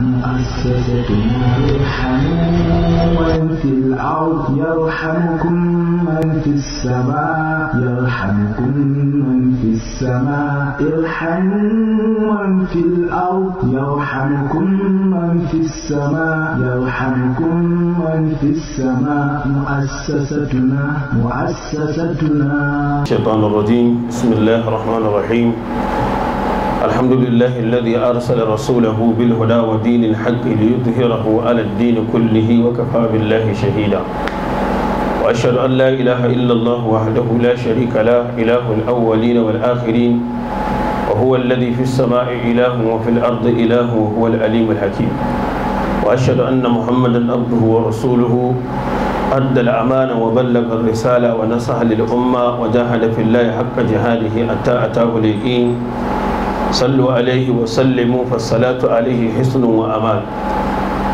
مؤسستنا ارحموا من في الأرض يرحمكم من في السماء يرحمكم من في السماء ارحموا من في الأرض يرحمكم من في السماء يرحمكم من في السماء مؤسستنا مؤسستنا الشيطان الرجيم بسم الله الرحمن الرحيم الحمد لله الذي أرسل رسوله بالهدى ودين الحق ليظهره على الدين كله وكفى بالله شهيدا وأشهد أن لا إله إلا الله وحده لا شريك له إله الأولين والآخرين وهو الذي في السماء إله وفي الأرض إله وهو الأليم الحكيم وأشهد أن محمدا عبده ورسوله أدى الأمانة وبلغ الرسالة ونصح للأمة وجاهد في الله حق جهاده حتى أتاه اليقين صلوا عليه وسلموا فالصلاة عليه حسن وأمان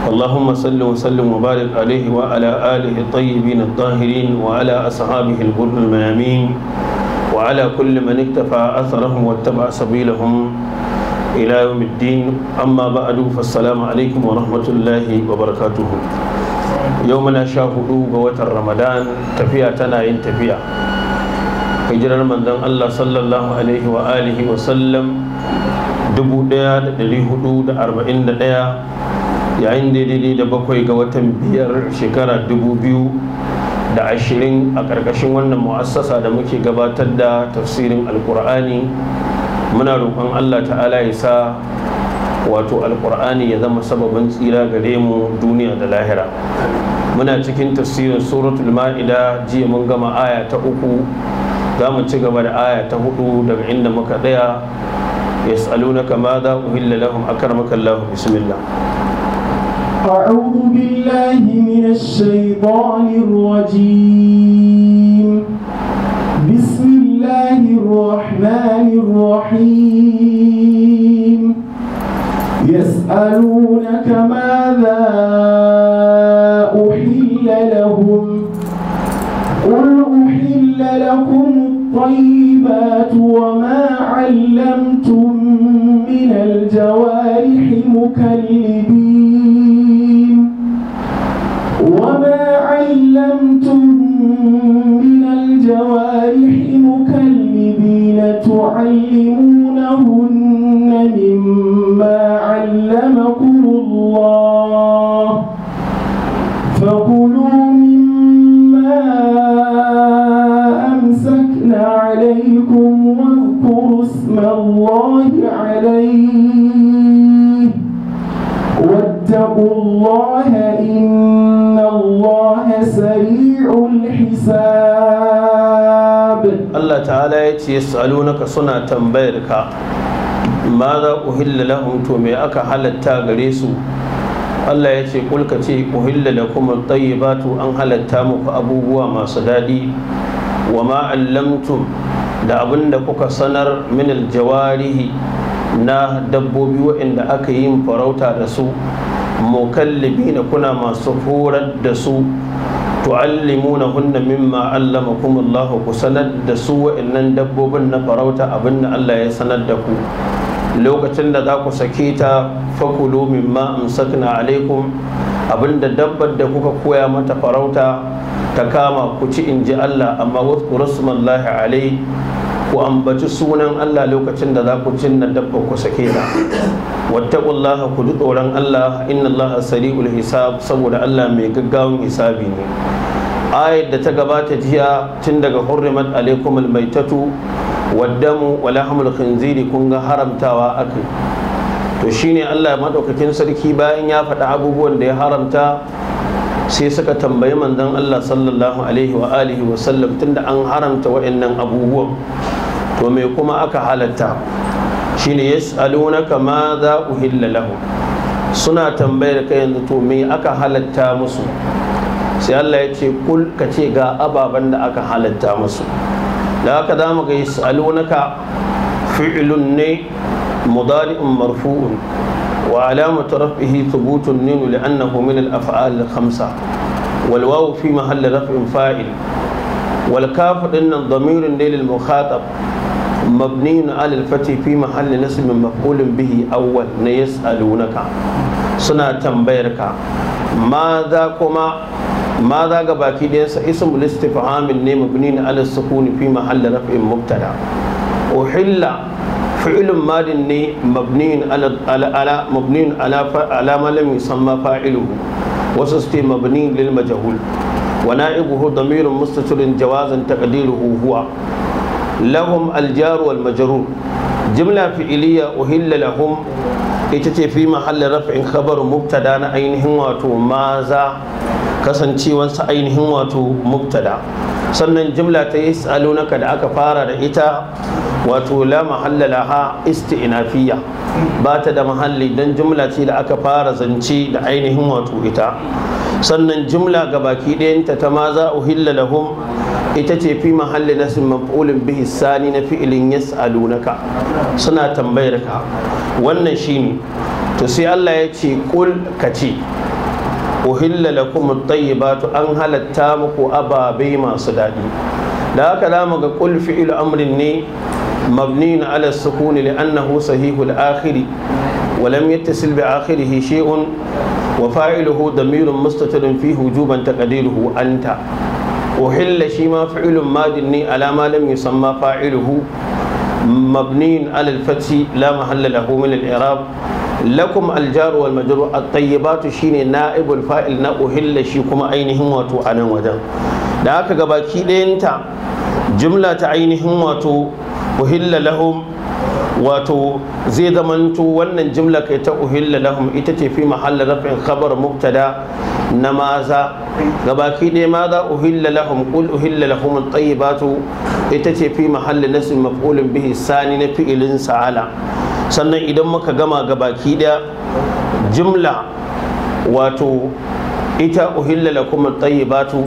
اللهم صل وسلم وبارك عليه وعلى آله الطيبين الطاهرين وعلى أصحابه الغر الميامين وعلى كل من اكتفى أثرهم واتبع سبيلهم إلى يوم الدين أما بعد فالسلام عليكم ورحمة الله وبركاته يومنا شاهدوا قوة رمضان تفيا تنا تفيا hijirar manzon Allah sallallahu alaihi wa alihi wa sallam 1441 yayin daidai da bakwai ga watan biyar shekara 2020 a ƙarƙashin wannan mu'assasa da muke gabatar da tafsirin alkur'ani muna roƙon Allah ta'ala ya sa wato alkur'ani ya zama sababin tsira gare mu duniya da lahira muna cikin tafsirin suratul ma'ida jiya mun gama aya ta uku za mu ci gaba da aya ta hudu يسألونك ماذا أهل لهم أكرمك الله بسم الله أعوذ بالله من الشيطان الرجيم بسم الله الرحمن الرحيم يسألونك ماذا أحل لهم قل أحل لكم الطيبات وما علمتم من الجوارح مكلبين وما علمتم من الجوارح مكلبين تعلمون ta'ala ya ce salunaka suna tambayar ka ma za ku lahum to me aka halatta gare su Allah ya ce kulka ce uhilla lakum at-tayyibatu an halatta muku abubuwa masu daɗi wa ma da abin da kuka sanar minal jawarihi na dabbobi waɗanda aka yi farauta da su mukallabi na kuna masu horar da su tu'allimunahunna mimma allamakum Allah ku sanar da su wa'annan dabbobin na farauta abinda Allah ya sanar da ku lokacin da za ku sake ta fakulu mimma amsakna alaikum abinda dabbar da kuka koya mata farauta ta kama ku ci in ji Allah amma wasu rasulullahi alai ku ambaci sunan Allah lokacin da za ku cinna dabba ku sake ta wattaqullaha ku ji tsoron Allah inna Allah sari'ul hisab saboda Allah mai gaggawan hisabi ne ayat da ta gabata jiya tun daga hurrimat alaikumul maitatu waddamu wala hamul khinziri kun ga haramtawa akai to shine Allah ya madaukakin sarki bayan ya faɗi abubuwan da ya haramta sai suka tambayi manzon Allah sallallahu alaihi wa alihi wa sallam tunda an haramta waɗannan abubuwan to me kuma aka halatta shine yas'alunaka ma za uhilla lahum suna tambayar kai yanzu to me aka halatta musu sai Allah ya ce kul ka ce ga ababen da aka halatta musu da haka za mu ga yas'alunaka fi'lun ne mudari'un marfu'un wa alamatu raf'ihi thubutun nin li'annahu min al-af'al al-khamsa wal wawu fi mahalli raf'in fa'il wal kafu dinnan dhamirin ne lil mukhatab mabniyin fati fi mahalli nasu min makulin bihi awwal na yas'alunaka suna tambayar ka maza kuma maza ga baki da yasa ismul istifham ne mabniyin alal sukuni fi mahalli raf'in mubtada uhilla fi'lun madin ne mabniyin ala ala mabniyin ala ala malam yusamma fa'iluhu wasu su ce mabniyin lil majhul wa na'ibuhu damirun mustatirin jawazan taqdiruhu huwa lahum aljaru wal majrur jimla fi'iliya uhilla lahum ita ce fi mahallin raf'in khabar mubtada na ainihin wato maza kasancewansa ainihin wato mubtada sannan jimla ta yi naka da aka fara da ita wato la mahalla laha isti'nafiya ba ta da mahalli don jimla ce da aka fara zance da ainihin wato ita sannan jimla ga baki ɗayanta ta maza uhilla lahum ita ce fi mahalli na maf'ulin bihi sani na fi'ilin yas'alunaka suna tambayar ka wannan shine to sai Allah ya ce kul ka ce uhilla lakum at-tayyibatu an halatta muku ababe masu daɗi da haka zamu ga kul fi'il amrin ne mabni ala sukuni li'annahu sahihul akhiri ولم يتصل بآخره wa fa'iluhu damirun مستتر fi hujuban تقديره anta uhilla shi ma fi'ilun madin ne alama lam yusamma fa'iluhu mabniyin alal fati la mahalla lahu min al lakum aljaru wal majru at shine na'ibul fa'il na uhilla shi kuma ainihin wato a nan wajen da aka gabaki ɗayanta jumla ta ainihin wato zai zamanto wannan jumla kai ta uhilla lahum ita ce fi mahalla rafin khabar mubtada na maza gabaki ne ma za uhilla lahum qul uhilla lahum at-tayyibatu ita ce fi mahalli nasb maf'ulun bihi sani na fi'ilin sa'ala sannan idan muka gama gabaki daya jumla wato ita uhilla lakum at-tayyibatu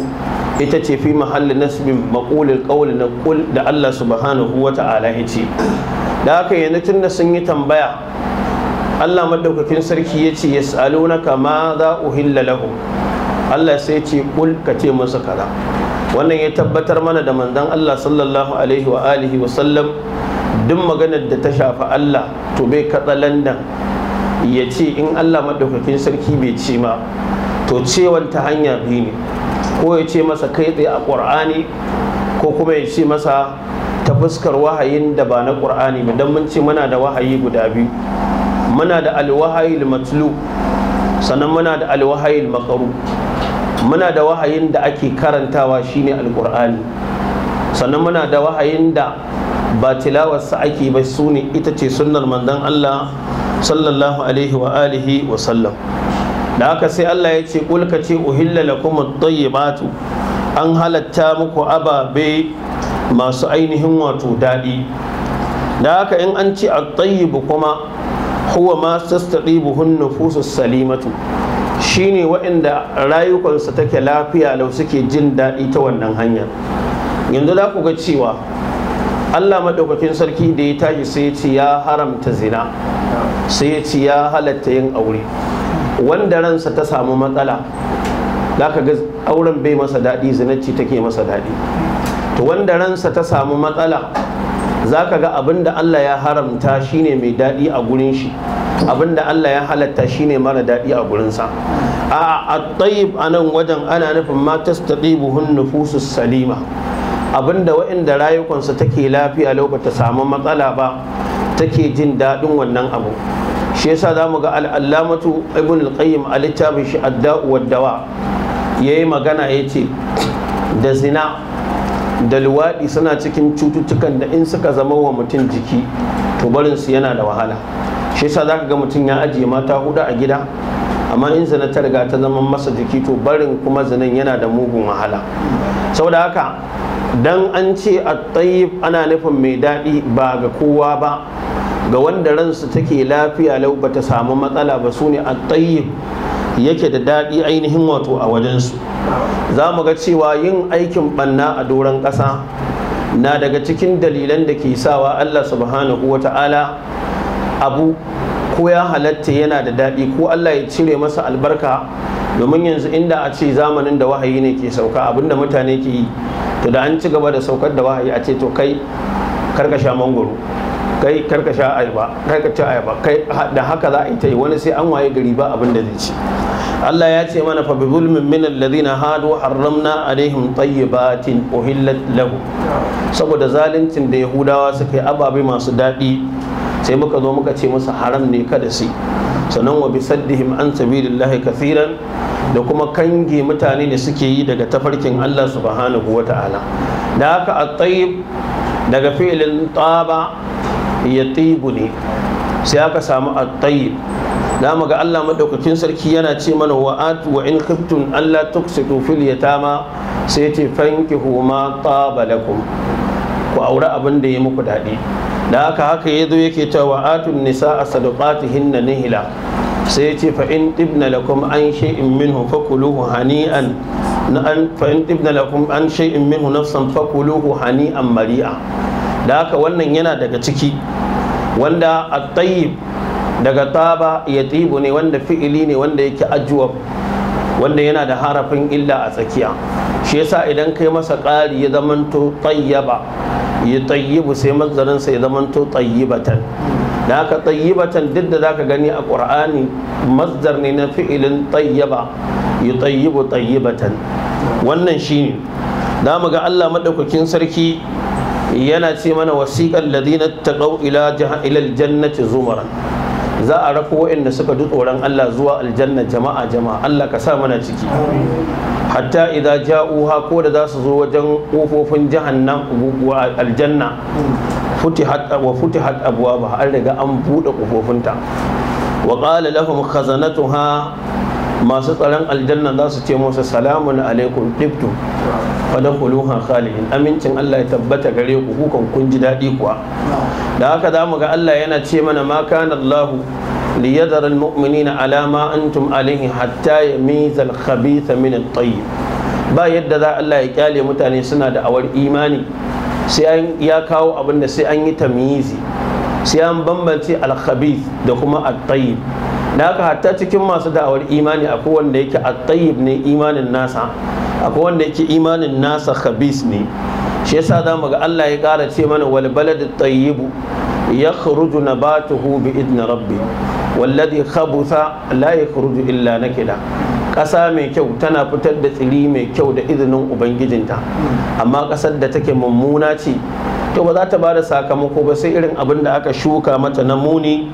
ita ce fi mahalli nasbin maqulil qawl na qul da Allah subhanahu wa ta'ala yace da haka yanzu tunda sun yi tambaya Allah madaukakin sarki ya ce yas'alunaka ma za uhilla lahum Allah sai ce kul ka ce musu kaza wannan ya tabbatar mana da manzan Allah sallallahu alaihi wa alihi wa sallam duk maganar da ta shafi Allah to bai katsalandan ya ce in Allah madaukakin sarki bai ce ma to cewan ta hanya biyu ne ko ya ce masa kai tsaye a ƙur'ani ko kuma ya ce masa ta fuskar wahayin da ba na ƙur'ani ba don mun ce muna da wahayi guda biyu muna da alwahayil matlu sannan muna da alwahayil makaru muna da wahayin da ake karantawa shine alkur'ani sannan muna da wahayin da ba tilawarsa ake bai su ne ita ce sunnar manzon Allah sallallahu alaihi wa alihi wa sallam da haka sai Allah ya ce kulka ce uhilla lakum at an halatta muku ababe masu ainihin wato daɗi da haka in an ce at kuma huwa ma tastaqibuhun nufusus salimatu shine waɗanda rayukansu take lafiya lau suke jin daɗi ta wannan hanya yanzu za ku ga cewa Allah maɗaukakin sarki da ya tashi sai ya ce ya haramta zina sai ya ce ya halatta yin aure wanda ransa ta samu matsala za ga auren bai masa daɗi zinacci take masa daɗi to wanda ransa ta samu matsala za ka ga abin da Allah ya haramta shine mai daɗi a gurin shi abin da Allah ya halatta shine mara daɗi a gurinsa a at a nan wajen ana nufin ma tastadibuhun nufusus salima abin abinda waɗanda rayukansa take lafiya lokacin samu matsala ba take jin daɗin wannan abu shi yasa za mu ga al'allamatu ibn al-qayyim a littafin shi adda'u wad dawa yayi magana yace da zina da luwaɗi suna cikin cututtukan da in suka zama wa mutum jiki to barinsu yana da wahala shi yasa za ka ga mutum ya ajiye mata hudu a gida amma in zina ta riga ta zama masa jiki to barin kuma zinan yana da mugun wahala saboda haka dan an ce a tsayib ana nufin mai daɗi ba ga kowa ba ga wanda ransu take lafiya lau ba ta samu matsala ba su ne a tsayib yake da daɗi ainihin wato a wajensu za mu ga cewa yin aikin ɓanna a doron ƙasa na daga cikin dalilan da ke sawa Allah subhanahu wa ta'ala abu ko ya halatta yana da daɗi ko Allah ya cire masa albarka domin yanzu inda a ce zamanin da wahayi ne ke sauka abinda mutane ke yi to da an ci gaba da saukar da wahayi a ce to kai karkasha mangoro kai karka sha ayaba karka ci ayaba kai da haka za a yi ta yi wani sai an waye gari ba abin da zai ci Allah ya ce mana fa bi zulmin min alladhina hadu harramna alaihim tayyibatin uhillat lahu saboda zaluncin da yahudawa suka yi ababe masu daɗi sai muka zo muka ce musu haram ne kada su sannan wa bi saddihim an sabilillahi kathiran da kuma kange mutane ne suke yi daga tafarkin Allah subhanahu wa ta'ala da haka at-tayyib daga filin taba ya ne sai aka samu a tayyib da ga Allah madaukakin sarki yana ce mana wa at wa in khiftum alla tuksitu fil yatama sai ce fankihu ma taba lakum ku aure abin da ya muku daɗi da haka haka ya zo yake cewa atun nisa a sadaqatihin nihila sai ce fa in tibna lakum an shay'in minhu fakuluhu hani'an na an fa in tibna lakum an shay'in minhu nafsan fakuluhu hani'an mari'a da haka wannan yana daga ciki wanda a tayyib daga taba ya tibu ne wanda fi'ili ne wanda yake ajuwa wanda yana da harafin illa a tsakiya shi yasa idan kai masa ƙari ya zamanto tayyaba ya tayyibu sai mazdarinsa ya zamanto tayyibatan da haka tayyibatan duk da za ka gani a ƙur'ani mazdar ne na fi'ilin tayyaba ya tayyibu tayyibatan wannan shi ne. za mu ga Allah maɗaukakin sarki yana ce mana wasiƙan ladina taqaw ila ila aljannati zumaran za a rako waɗanda suka ji tsoron Allah zuwa aljanna jama'a jama'a Allah ka sa mana ciki hatta idza ja'uha ko da za su zo wajen kofofin wa aljanna futihat wa futihat abwaaba an riga an buɗe kofofinta wa qala lahum khazanatuha masu tsaron aljanna za su ce musu salamun alaikum tibtum fadakuluha khalihin amincin Allah ya tabbata gare ku kukan kun ji daɗi kuwa da haka zamu ga Allah yana ce mana ma kana Allah al na ala ma antum alayhi hatta yamiza alkhabitha min al tayyib ba yadda za Allah ya kyale mutane suna da awar imani sai an ya kawo abin da sai an yi tamyizi sai an bambance khabith da kuma al tayyib da haka hatta cikin masu da'awar imani akwai wanda yake attayib ne imanin nasa akwai wanda yake imanin nasa khabis ne shi yasa za mu ga Allah ya ƙara ce mana wal balad at-tayyib yakhruju nabatuhu bi idni rabbi ladhi khabutha la yakhruju illa nakida ƙasa mai kyau tana fitar da tsiri mai kyau da izinin ubangijinta amma ƙasar da take mummuna ce to ba za ta ba da sakamako ba sai irin abin da aka shuka mata na muni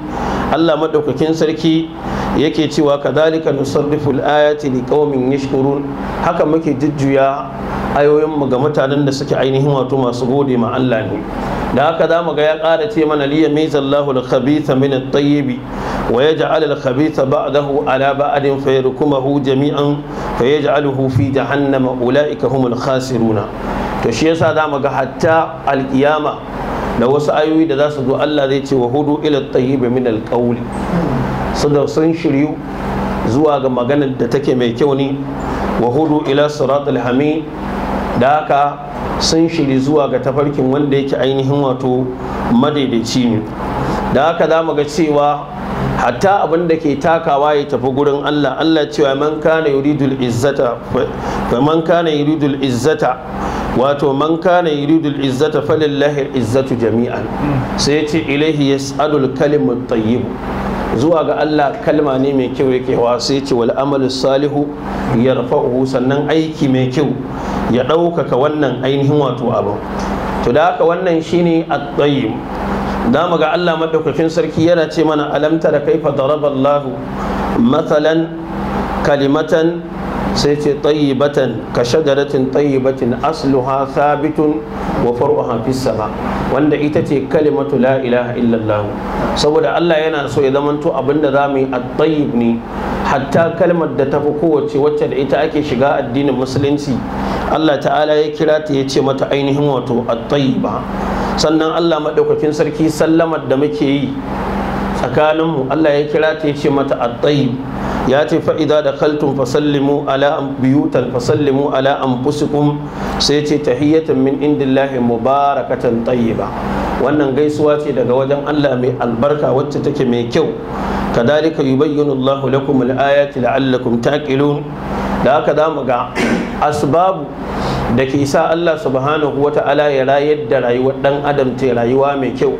Allah maɗaukakin sarki yake cewa kadhalika nusarrifu al-ayati liqaumin yashkurun haka muke jujjuya ayoyinmu ga mutanen da suke ainihin wato masu gode ma Allah ne da haka zamu ga ya ƙara ce mana liya miza Allahu al-khabitha min at-tayyib wa yaj'al al-khabitha ba'dahu ala ba'din jami'an fayaj'aluhu fi jahannama ulaika humul khasiruna to shi yasa za mu ga hatta al-qiyama da wasu ayoyi da za su zo Allah zai ce wa hudu ila at-tayyib min al-qawli sun shiryu zuwa ga maganar da take mai kyau ne wa hudu ila siratul hamid da haka sun shiri zuwa ga tafarkin wanda yake ainihin wato madaidaici ne da haka za mu ga cewa hatta abin da ke takawa ya tafi gurin Allah Allah cewa man kana yuridul izzata fa man kana yuridul izzata wato man kana yuridul izzata falillahi izzatu jami'an sai yace ilaihi yas'alul kalimut tayyib zuwa ga Allah kalma ne mai kyau yake wa sai ce wal amalu salihu yarfa'uhu sannan aiki mai kyau ya ɗaukaka wannan ainihin wato abu to da haka wannan shine at-tayyib da mu ga Allah madaukakin sarki yana ce mana alamta da kaifa daraba Allah mathalan kalimatan sai ce tayyibatan ka shajaratin tayyibatin asluha thabitun wa far'uha fis sama wanda ita ce kalimatu la ilaha illallah saboda Allah yana so ya zamanto abinda zamu yi at-tayyib ne hatta kalmar da ta fi kowace wacce da ita ake shiga addinin musulunci Allah ta'ala ya kira ta ya ce mata ainihin wato at-tayyiba sannan Allah Maɗaukakin sarki sallamar da muke yi tsakaninmu Allah ya kira ta ya ce mata at-tayyib ya ce fa'ida da kaltun fasallimu ala biyutan fasallimu ala anfusikum sai ce tahiyyatan min indillahi mubarakatan ba. wannan gaisuwa ce daga wajen Allah mai albarka wacce take mai kyau kadalika yubayyinu Allahu lakum al-ayati la'allakum taqilun da haka zamu ga asbabu da ke sa Allah subhanahu ta'ala ya rayar da rayuwar dan adam ta rayuwa mai kyau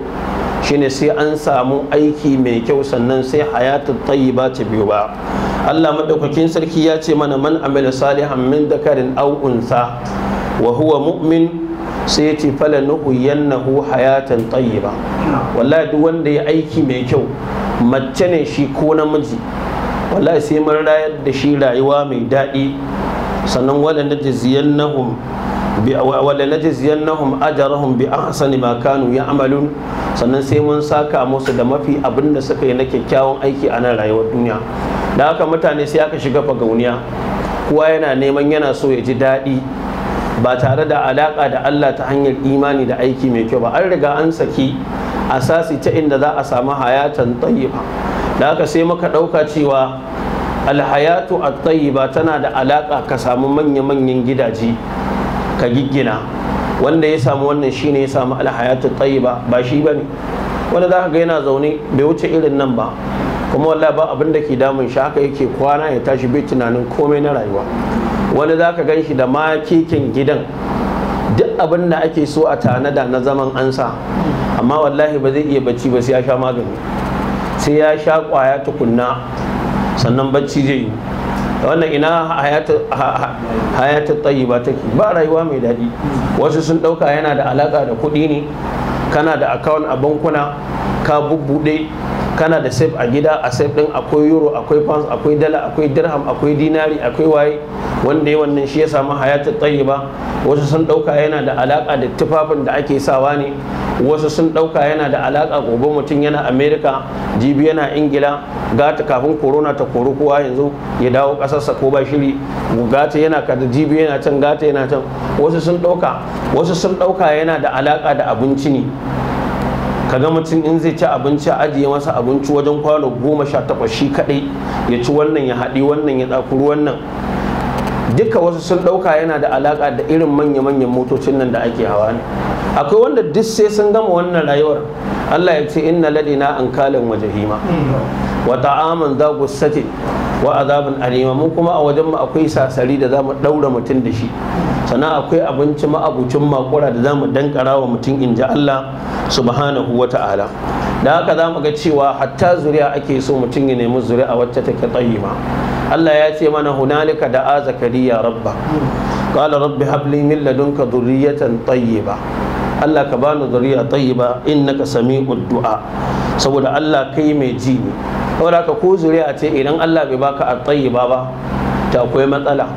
shine sai an samu aiki mai kyau sannan sai hayatun tayyiba ta biyu ba Allah madaukakin sarki ya ce mana man amila salihan min dakarin aw unsa wa huwa mu'min sai ya ce fala yannahu hayatan tayyiba wallahi duk wanda ya aiki mai kyau mace ne shi ko namiji wallahi sai mun rayar da shi rayuwa mai daɗi sannan waɗanda jaziyannahum na walanajziyannahum ajrahum bi ahsani ma kanu ya amalu sannan sai mun saka musu da mafi abin da suka yi na kyakkyawan aiki a nan rayuwar duniya da haka mutane sai aka shiga fagauniya kowa yana neman yana so ya ji daɗi ba tare da alaƙa da Allah ta hanyar imani da aiki mai kyau ba an riga an saki asasi ta inda za a samu hayatan tayyiba da haka sai muka ɗauka cewa alhayatu at-tayyiba tana da alaƙa ka samu manya-manyan gidaje ka giggina wanda ya samu wannan shine ya samu alhayatu tayyiba ba shi ne wanda ka ga yana zaune bai wuce irin nan ba kuma wallahi ba abin da ke damun shi haka yake kwana ya tashi bai tunanin komai na rayuwa wani zaka gan shi da ma kekin gidan duk abin da ake so a tanada na zaman ansa amma wallahi ba zai iya bacci ba sai ya sha magani sai ya sha kwaya tukunna sannan bacci zai yi wannan ina hayatun tsayi ba take ba rayuwa mai daɗi wasu sun ɗauka yana da alaƙa da kuɗi ne kana da akawun a bankuna ka bubuɗe. kana da safe a gida a safe din akwai euro akwai pounds akwai dala akwai dirham akwai dinari akwai waye wanda ya wannan shi ya samu hayatar tayyiba wasu sun dauka yana da alaka da tufafin da ake sawa ne wasu sun dauka yana da alaka gobe mutum yana america jibi yana ingila gata kafin corona ta kori kowa yanzu ya dawo kasarsa ko ba shiri gata yana kada jibi yana can gata yana can wasu sun dauka wasu sun dauka yana da alaka da abinci ne ka kaga mutum in zai ci abinci a ajiye masa abinci wajen kwano goma sha takwas shi kaɗai ya ci wannan ya haɗi wannan ya ɗakuru wannan duka wasu sun ɗauka yana da alaƙa da irin manya-manyan motocin nan da ake hawa ne akwai wanda duk sai sun gama wannan rayuwar Allah ya ce inna ladina an kalin wajahima wata wa ta'aman za wa azabin alima mu kuma a wajen mu akwai sasari da zamu daura mutum da shi sannan akwai abinci ma'abucin makura da zamu dankara wa mutum in ji Allah subhanahu wa ta'ala da haka zamu ga cewa hatta zuriya ake so mutum ya nemi zuri'a wacce take tsayyima Allah ya ce mana hunalika da azakariya zakariya rabba qala rabbi habli min ladunka dhurriyatan tayyiba Allah ka bani zuriya tayyiba innaka sami uddu'a saboda Allah kai mai ji ne saboda ka ko zuriya ce idan Allah bai baka a tayyiba ba ta akwai matsala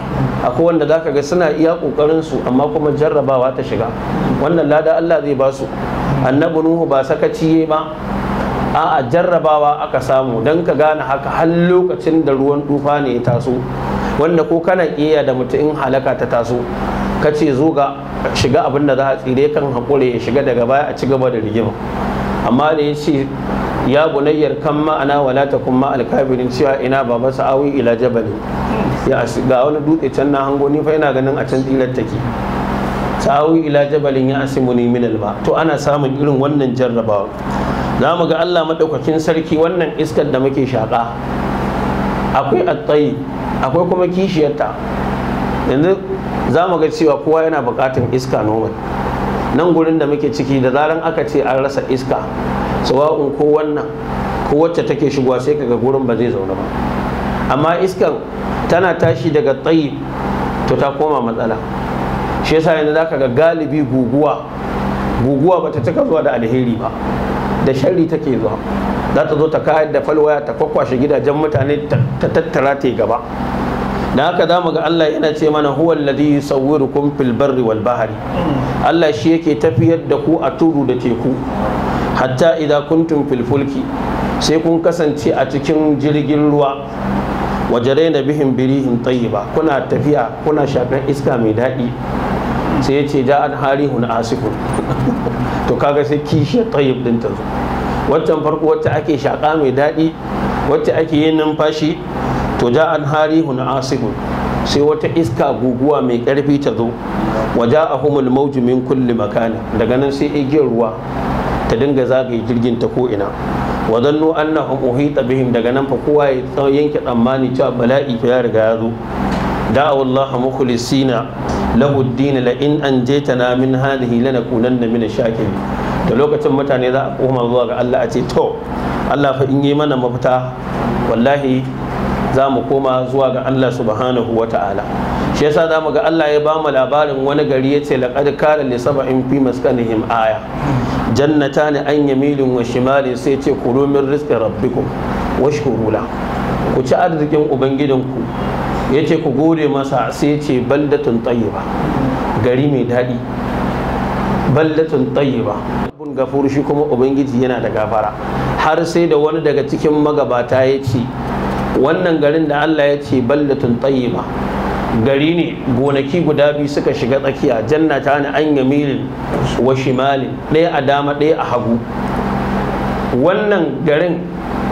akwai wanda zaka ga suna iya kokarin su amma kuma jarrabawa ta shiga wannan lada Allah zai ba su annabi nuhu ba sakaci ba a jarrabawa aka samu dan ka gane haka har lokacin da ruwan tufa ne ya taso wanda ko kana iya da mutum in halaka ta taso ka ce zo ga shiga abin da za a tsire kan haƙure ya shiga daga baya a ci gaba da rigima amma da ya ce ya bunayyar kan ma'ana wala ta kun ma'al cewa ina baba sa'awi ila jabali ya ga wani dutse can na hango ni fa ina ganin a can tsirar take sa'awi ila jabalin ya asimuni min ba to ana samun irin wannan jarrabawa za mu ga Allah madaukakin sarki wannan iskar da muke shaka akwai attai akwai kuma kishiyarta yanzu za mu ga cewa kowa yana buƙatar iska normal nan gurin da muke ciki da zaran aka ce an rasa iska sawa'un ko wannan ko wacce take shigowa sai kaga gurin ba zai zauna ba amma iskan tana tashi daga tsayi to ta koma matsala shi yasa yanzu zaka ga galibi guguwa guguwa ta cika zuwa da alheri ba da shari take zuwa za ta zo ta kayar da falwaya ta kwakwashe gidajen mutane ta tattara ta gaba da haka za mu ga Allah yana ce mana huwan ladi yusawwirukum fil barri wal bahri Allah shi yake tafiyar da ku a tudu da teku hatta idan kuntum fil fulki sai kun kasance a cikin jirgin ruwa wajare na bihin birihin tayyiba kuna tafiya kuna shafin iska mai daɗi sai ya ce ja'an harihun asifun to kaga sai kishi tayyib din ta zo waccan farko wacce ake shaƙa mai daɗi wacce ake yin numfashi to an ja'an harihun asifun sai wata iska guguwa mai ƙarfi ta zo waja a humul mauji min kulli makani daga nan sai igiyar ruwa ta dinga zagaye jirgin ta ko ina wa zannu annahum uhita bihim daga nan fa kowa ya yanke tsammani cewa bala'i fa ya riga ya zo da'aw Allah mukhlisina lahu ad-din la in anjaytana min hadhihi lanakunanna min ash-shakirin da lokacin mutane za a koma zuwa ga Allah a ce to Allah fa in yi mana mafita wallahi za mu koma zuwa ga Allah subhanahu wa ta'ala shi yasa za mu ga Allah ya ba mu labarin wani gari ya ce laqad kana li sab'in fi maskanihim aya jannatan an yamilin wa shimali sai ce kulu min rabbikum washkuru la ku ci arzikin ubangidinku ya ce ku gode masa sai ce baldatun tayyiba gari mai daɗi baldatun tayyiba abun gafuru shi kuma ubangiji yana da gafara har sai da wani daga cikin magabata ya ce wannan garin da Allah ya ce ballatun tayyiba gari ne gonaki guda biyu suka shiga tsakiya janna ta ni an yamilin wa shimalin ɗaya a dama ɗaya a hagu wannan garin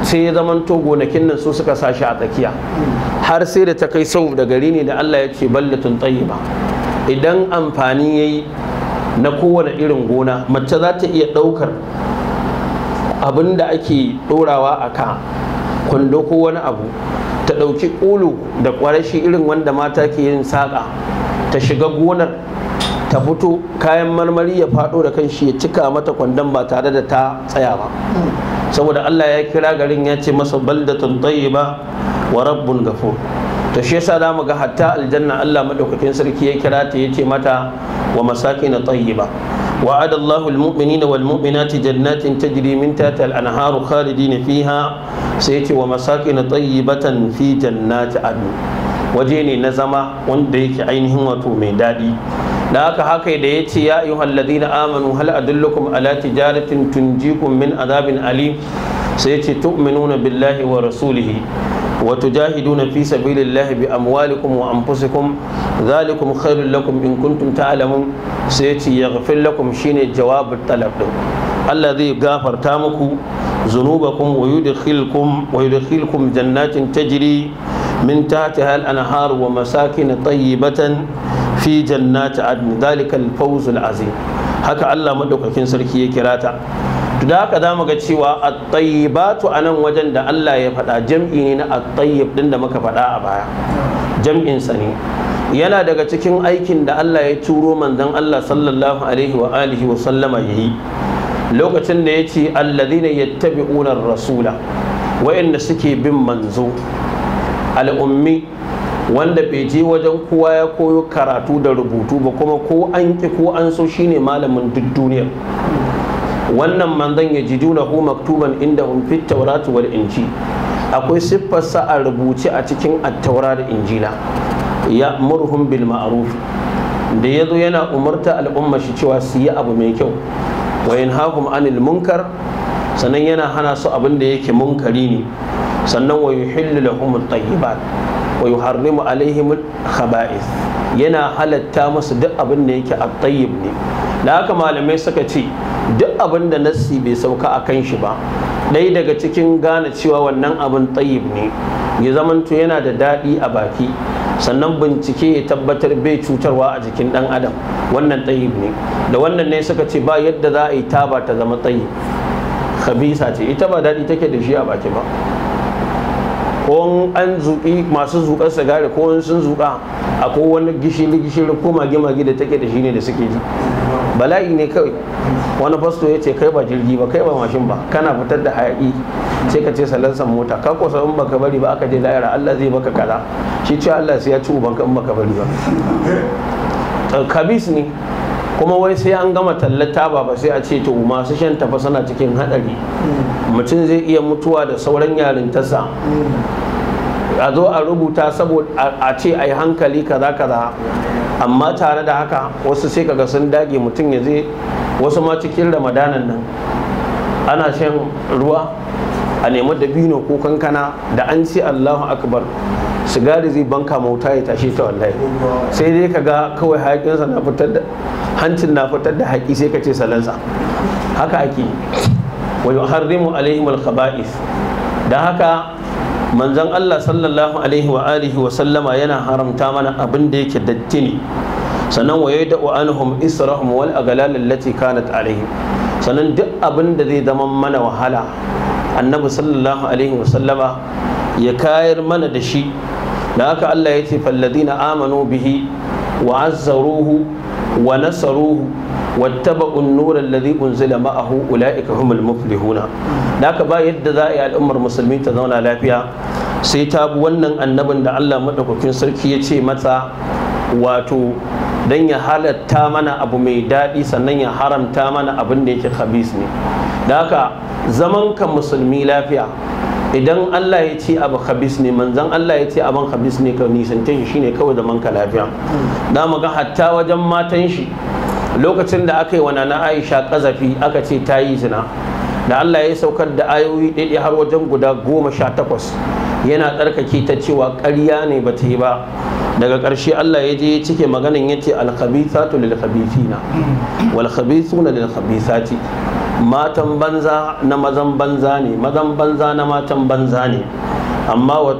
sai ya to gonakin nan su suka sa a tsakiya har sai da ta kai sau da gari ne da Allah ya ce ballatun tayyiba idan amfani ya yi na kowane irin gona mace za ta iya ɗaukar abin da ake ɗorawa a ka kwando ko wani abu ta ɗauki ƙulu da ƙwarashi irin wanda mata ke yin saƙa ta shiga gonar ta fito kayan marmari ya faɗo da kan shi ya cika mata kwandon ba tare da ta tsaya ba saboda Allah ya kira garin ya ce masa baldatun tayyiba wa rabbun gafur to shi yasa zamu ga hatta aljanna Allah madaukakin sarki ya kira ta yace mata wa na masakin ba. وعد الله المؤمنين والمؤمنات جنات تجري من تحتها الأنهار خالدين فيها سيتي ومساكن طيبة في جنات عدن waje ne na zama wanda yake ainihin wato mai daɗi da haka haka da ya ce ya ayyuhal ladina amanu hal adullukum ala tijaratin tunjikum min azabin ali sai ya ce tu'minuna billahi wa rasulihi وتجاهدون في سبيل الله بأموالكم وأنفسكم ذلكم خير لكم إن كنتم تعلمون سيتي يغفر لكم شين الجواب الطلب الذي غافر تامكم ذنوبكم ويدخلكم ويدخلكم جنات تجري من تحتها الأنهار ومساكن طيبة في جنات عدن ذلك الفوز العظيم هكا الله مدوكاكين سركي كراتا da haka za mu ga cewa at a nan wajen da Allah ya faɗa jam'i ne na at ɗin da muka faɗa a baya jam'in sa ne yana daga cikin aikin da Allah ya turo manzon Allah sallallahu alaihi wa alihi wa sallama yayi lokacin da yace alladhina yattabi'una ar-rasula wa'anda suke bin manzo al-ummi wanda bai je wajen kowa ya koyo karatu da rubutu ba kuma ko an ki ko an so shine malamin duk duniyar wannan manzon hu maktuban indahum fit tawrat wal injil akwai siffarsa a rubuce a cikin attaura da injila ya murhum bil ma'ruf da ya zo yana umarta al'umma shi cewa su yi abu mai kyau wa yanhahum anil munkar sannan yana hana su abin da yake munkari ne sannan wa yuhillu lahum at-tayyibat wa yuharrimu alaihim al-khaba'ith yana halatta musu duk abin da yake at-tayyib ne da haka malamai suka ce duk abin da nassi bai sauka a kan shi ba ɗaya daga cikin gane cewa wannan abin tsayib ne ya zamanto yana da daɗi a baki sannan bincike ya tabbatar bai cutarwa a jikin ɗan adam wannan tsayib ne da wannan ne suka ce ba yadda za a yi taba ta zama tsayib khabisa ce ita ba daɗi take da shi a baki ba ko an zuƙi masu zuƙar sigari ko sun zuƙa akwai wani gishiri gishiri ko magi magi da take da shi ne da suke ji bala'i ne kawai wani fasto ya ce kai ba jirgi ba kai ba mashin ba kana fitar da hayaki sai ka ce salansan mota ka kosa in baka bari ba aka je layara Allah zai baka kaza shi ce Allah sai ya ci uban kan baka bari ba eh, kabis ne kuma wai sai an gama tallata ba ba sai a ce to masu shan tafa suna cikin hadari mutum zai iya mutuwa da sauran yarintarsa a zo a rubuta saboda a ce a yi hankali kaza kaza amma tare da haka wasu sai kaga sun dage mutum ya je wasu ma cikin ramadanan nan ana shan ruwa a nemi dabino ko kankana da an ce allahu akbar sigari zai banka mauta ya tashi ta wallahi sai dai ka ga kawai haƙinsa na fitar da hancin na fitar da haƙi sai ka ce salansa haka ake wa yuharrimu alaihim khaba'is da haka manzon Allah sallallahu alaihi wa alihi wa sallama yana haramta mana abin da yake datti ne sannan wa yadda wa anhum israhum wal aghlal allati kanat alaihim sannan duk abin da zai zama mana wahala annabi sallallahu alaihi wa sallama ya kayar mana da shi da haka Allah ya ce falladina amanu bihi wa azzaruhu wa nasaruhu واتبعوا النور الذي انزل معه ma'ahu ulaika humul muflihuna با ba yadda za a yi al'ummar musulmi ta zauna lafiya sai ta wannan annabin da Allah madaukakin sarki yace mata wato dan ya halatta mana abu mai daɗi sannan ya haramta mana abin da yake khabis ne da zaman ka musulmi lafiya idan Allah ya ce abu khabis ne manzan Allah ya ce abin khabis ne ka nisance shi shine kawai zaman ka lafiya da mu ga hatta wajen matan shi lokacin da aka yi wa nana aisha kazafi aka ce ta yi zina da allah ya saukar da ayoyi ɗaiɗai har wajen guda goma sha takwas yana tsarkake ta cewa ƙarya ne ba ta yi ba daga ƙarshe allah ya je cike maganin ya ce alkhabithatu lil khabithina wal na matan banza na mazan banza ne mazan banza na matan banza ne amma wa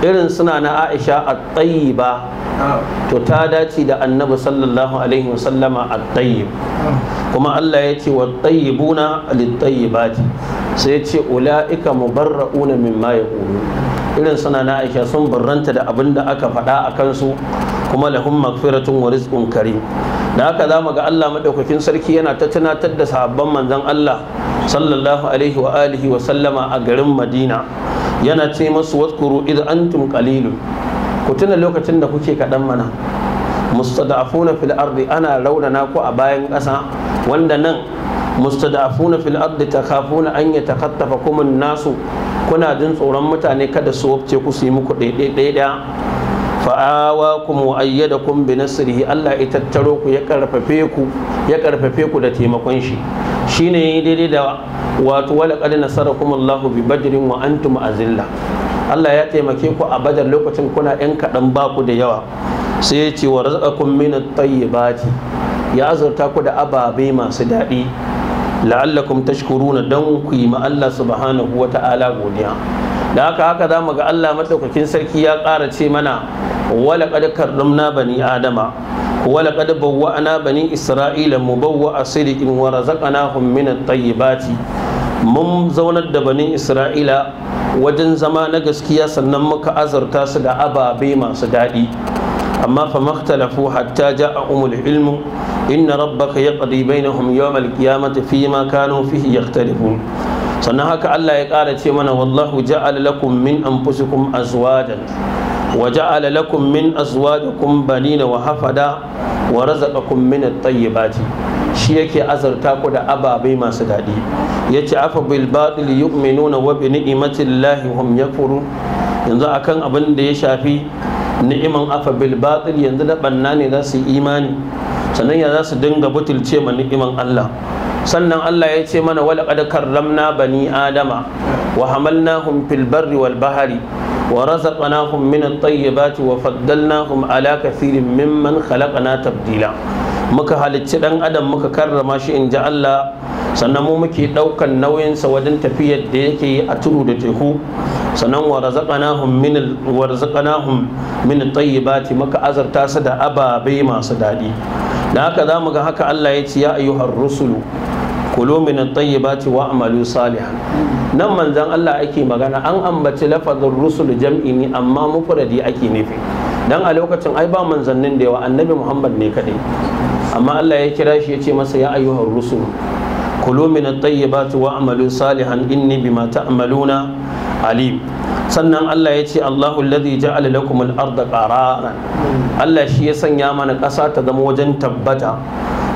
irin suna na aisha a tsayi ba. to ta dace da annabi sallallahu alaihi wasallama a tayyib kuma Allah ya ce wa tayyibuna lit-tayyibati sai ya ce ulaika mubarrauna mimma yaqulu irin suna na Aisha sun barranta da abin da aka faɗa a kansu kuma lahum maghfiratun wa rizqun karim da haka zamu ga Allah madaukakin sarki yana ta tunatar da sahabban manzon Allah sallallahu alaihi wa alihi wa sallama a garin Madina yana ce masu wadkuru idan antum qalilun ku tuna lokacin da kuke kaɗan mana mustada'afuna fil ardi ana raunana ku a bayan ƙasa wanda nan mustada'afuna fil ardi kafuna an takattafa kum nasu kuna jin tsoron mutane kada su wabce ku su yi muku ɗaiɗaiɗaiɗaya fa'awakum wa kun bi nasrihi Allah ya tattaro ku ya karfafe ku ya karfafe ku da taimakon shi shine daidai da wato wala qad nasarakum Allahu bi badrin wa antum azilla Allah ya taimake ku a badar lokacin kuna yan kaɗan baku da yawa sai ya ce wa razaqakum min tayyibati ya azurta ku da ababe masu daɗi la'allakum tashkuruna dan ku yi ma Allah subhanahu wa ta'ala godiya da haka haka za mu ga Allah madaukakin sarki ya ƙara ce mana wala qad karramna bani adama wala qad bawwa'na bani isra'ila mubawwa'a sidiqin wa razaqnahum min at-tayyibati mun zaunar da bani isra'ila wajen zama na gaskiya sannan muka azarta su da ababe masu daɗi amma fa maktalafu hatta ja'a umul ilmu inna rabbaka yaqdi bainahum yawm al-qiyamati fi ma kanu fihi yakhtalifun sannan haka Allah ya ƙara ce mana wallahu ja'ala lakum min anfusikum azwajan wa ja'ala lakum min azwajikum banina wa hafada wa razaqakum min at-tayyibati shi yake azarta ku da ababai masu daɗi yace afa bil batil yu'minuna wa bi ni'matillahi hum yakfurun yanzu akan abin da ya shafi ni'iman afa bil batil yanzu da banna ne za su imani sannan ya za su dinga butulce ma ni'iman Allah sannan Allah ya ce mana walaƙad karramna bani adama wa hamalnahum fil barri wal bahari ورزقناهم من الطيبات وفضلناهم على كثير ممن خلقنا تبديلا muka halicci dan adam muka karrama shi in ji Allah sannan mu muke daukan nauyinsa wajen tafiyar da yake a tudu da teku sannan wa razaqnahum min wa razaqnahum min tayyibati muka azarta su da ababai masu dadi da haka zamu ga haka Allah ya ce ya ayyuhar rusulu kulu min at-tayyibati wa amalu salihan nan manzon Allah ake magana an ambaci lafazin rusul jam'i ne amma mufradi ake nufi dan a lokacin ai ba manzannin da yawa annabi Muhammad ne kadai amma Allah ya kira shi ya ce masa ya ayyuhar rusul kulu min at-tayyibati wa amalu salihan inni bima ta'maluna alim sannan Allah ya ce Allahu alladhi ja'ala lakum al-ardha qararan Allah shi ya sanya mana ƙasa ta zama wajen tabbata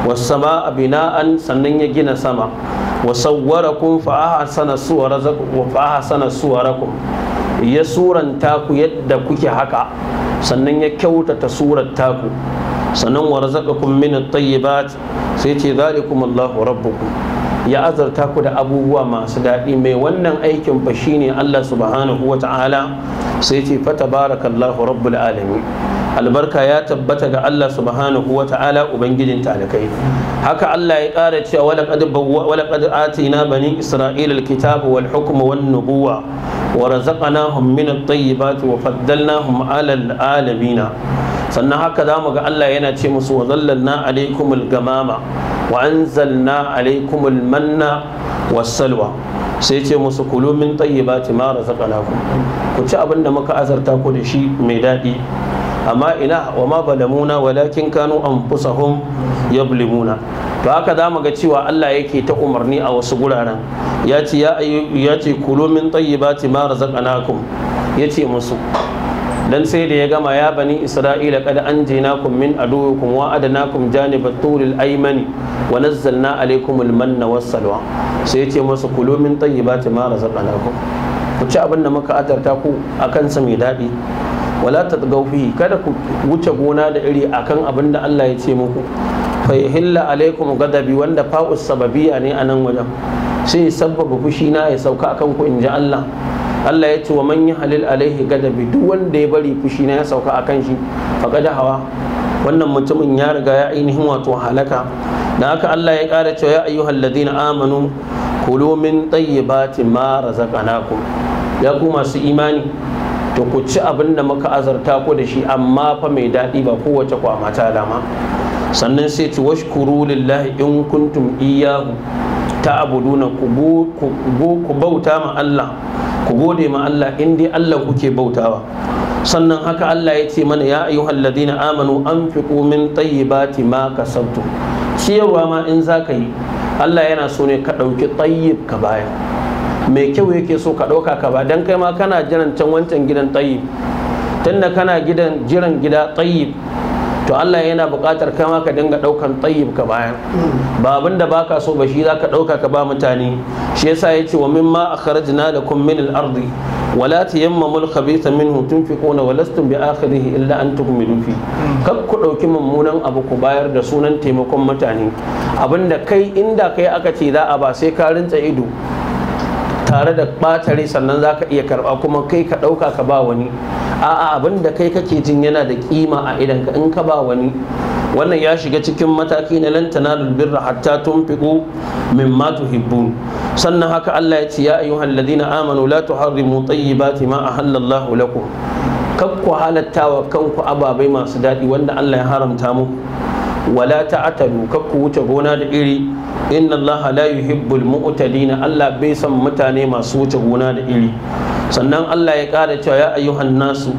والسماء بناء سنن يجن سما وصوركم فأحسن صوركم فأحسن صوركم ya suranta ku yadda kuke haka sannan ya kyautata surar taku sannan wa razaqakum min at-tayyibat sai ce zalikum Allahu rabbukum ya azarta ku da abubuwa masu daɗi mai wannan aikin fa shine Allah subhanahu wata'ala sai ce fa tabarakallahu rabbul alamin albarka ya tabbata ga Allah subhanahu wa ta'ala ubangijin talakai haka Allah ya ƙara cewa wala qad atina bani isra'ila alkitaba wal hukma wan nubuwa wa razaqnahum min at-tayyibati wa faddalnahum 'ala al-alamin sannan haka zamu ga Allah yana ce musu wa zallalna alaykumul gamama wa anzalna alaykumul manna was-salwa sai ce musu kulu min tayyibati ma razaqnakum ku ci abinda muka azarta ku da shi mai daɗi amma ina wa ma balamuna walakin kanu anfusahum yablimuna to haka za mu ga cewa Allah yake ta umarni a wasu guraren ya ce ya ce kulu min tayyibati ma razaqnakum ya ce musu dan sai da ya gama ya bani isra'ila qad anjaynakum min aduwikum wa adnakum janibat turil aymani wa nazzalna alaykumul manna was salwa sai ya ce musu kulu min tayyibati ma razaqnakum ku ci abin da muka adarta ku akan sa mai daɗi wala tatgaw fihi kada ku wuce gona da iri akan abin da Allah ya ce muku fa yahilla alaikum gadabi wanda fa'us sababiya ne anan wajen sai sabbaba fushi na ya sauka akan ku inji Allah Allah ya ce wa man halil alaihi gadabi duk wanda ya bari fushi na ya sauka akan shi faqad hawa wannan mutumin ya riga ya ainihin wato halaka da haka Allah ya ƙara cewa ya ayyuhal ladina amanu kulu min tayyibati ma razaqnakum ya ku masu imani to ku ci abin da muka azarta ku da shi amma fa mai daɗi ba kowace ku ta dama sannan sai ci washkuru lillahi in kuntum iyahu ta abuduna ku bauta ma Allah ku gode ma Allah in dai Allah kuke bautawa sannan haka Allah ya ce mana ya ayyuhal ladina amanu anfiqu min tayyibati ma kasabtum ciyarwa ma in zaka yi Allah yana so ne ka ɗauki tayyib ka baya mai kyau yake so ka ɗauka ka ba don kai ma kana jiran can wancan gidan tun da kana gidan jiran gida tsayi to Allah yana buƙatar kai ma ka dinga ɗaukan tsayi ka bayan ba abin da baka so ba shi za ka ɗauka ka ba mutane shi yasa ya ce wa mimma akhrajna lakum min al arzi wala ta al-khabitha fi kona wa lastum bi akhirihi illa an tughmidu dufi. kak ku ɗauki mummunan abu ku bayar da sunan taimakon mutane abinda kai inda kai aka ce za a ba sai ka rinta ido tare da ɓatare sannan za ka iya karɓa kuma kai ka ɗauka ka ba wani a'a abin da kai kake jin yana da ƙima a idan ka in ka ba wani wannan ya shiga cikin mataki na lan tanalul birra hatta tunfiqu mimma tuhibbun sannan haka Allah ya ce ya ayyuhal ladina amanu la tuharrimu tayyibati ma ahallallahu lakum kakku halatta wa kanku ababai masu daɗi wanda Allah ya haramta muku wala kar kakku wuce gona da iri inna allaha la yuhibbul mu'tadina allah bai san mutane masu wuce gona da iri sannan allah ya ƙara cewa ya ayyuhan nasu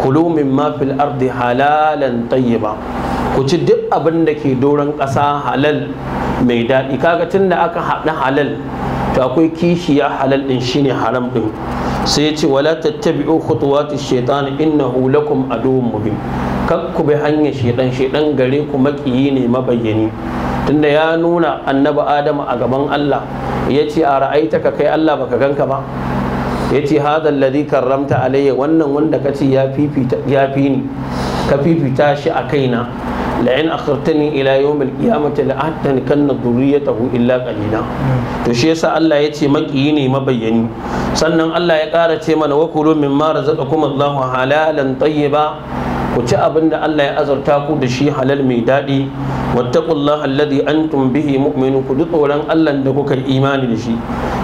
kulu ma fil ardi halalan tayyiba ku ci duk abin da ke doron ƙasa halal mai daɗi kaga tun da aka haɗa halal to akwai kishiya halal din shine haram din sai yace wala tattabi'u khutuwati shaytan innahu lakum aduwwun mubin kak ku bi hanyar shaydan shaydan gare ku makiyi ne mabayyani tunda ya nuna annabi adamu a gaban Allah yace a ra'aitaka kai Allah baka ganka ba yace hadha alladhi karramta alayya wannan wanda kace ya fifita ya fi ni ka fifita shi a kaina la'in akhartani ila yawmil qiyamati la ya dhurriyatahu illa qalila to shi yasa Allah ya ce makiyi ne mabayyani sannan Allah ya ƙara ce mana wa kulu mimma razaqakum Allahu halalan tayyiba ku ci abin da Allah ya azurta ku da shi halal mai daɗi wattaqullaha alladhi antum bihi mu'minun ku duk tsoron Allah da kuka imani da shi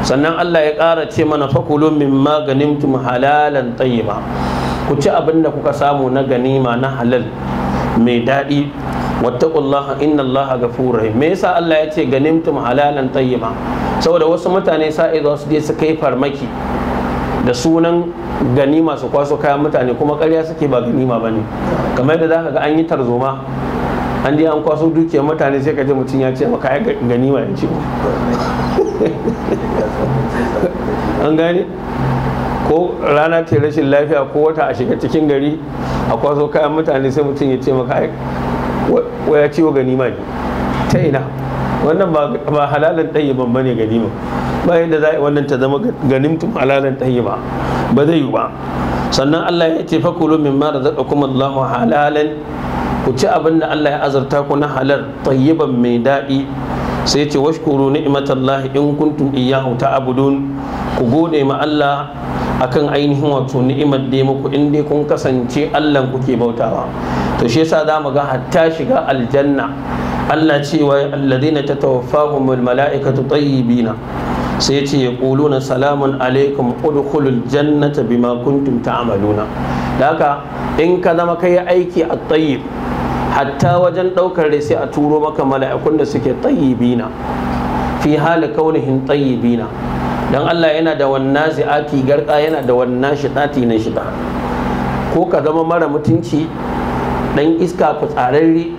sannan Allah ya ƙara ce mana fa kulu mimma ganimtum halalan tayyiba ku ci abin da kuka samu na ganima na halal mai daɗi wattaqullaha inna allaha ghafurur me yasa Allah ya ce ganimtum halalan tayyiba saboda wasu mutane sa'i za su je su kai farmaki da sunan ganima su kwaso kayan mutane kuma karya suke ba ganima bane kamar da zaka ga an yi tarzoma an je an kwaso dukiyar mutane sai ka ji mutum ya ce maka ya ganima ya ce ko rana ta rashin lafiya ko wata a shiga cikin gari a kwaso kayan mutane sai mutum ya ce maka waya ciwo ganima ne ta ina wannan ba halalan ɗayyaban ba ne ganima ba yadda za a yi wannan ta zama ganimtum halalan ɗayyaba ba zai yi ba sannan Allah ya ce fakulu min ma kuma Allahu halalan ku ci abin da Allah ya azarta ku na halal tayyiban mai daɗi sai ce washkuru ni'matallahi in kuntum iyyahu ta'budun ku gode ma Allah akan ainihin wato ni'imar da muku in dai kun kasance Allah kuke bautawa to shi yasa za mu ga hatta shiga aljanna Allah ce cewa alladhina tatawaffahumul mala'ikatu tayyibina sai ya ce ya na salamun alaikum udkhulul jannata bima kuntum ta'maluna haka in ka zama kai aiki a tayyib hatta wajen ɗaukar rai sai a turo maka mala'ikun da suke tayyibina fi hali kaunihin tayyibina dan Allah yana da wannan zi'ati garka yana da wannan shidati na shida ko ka zama mara mutunci dan iska fitsararre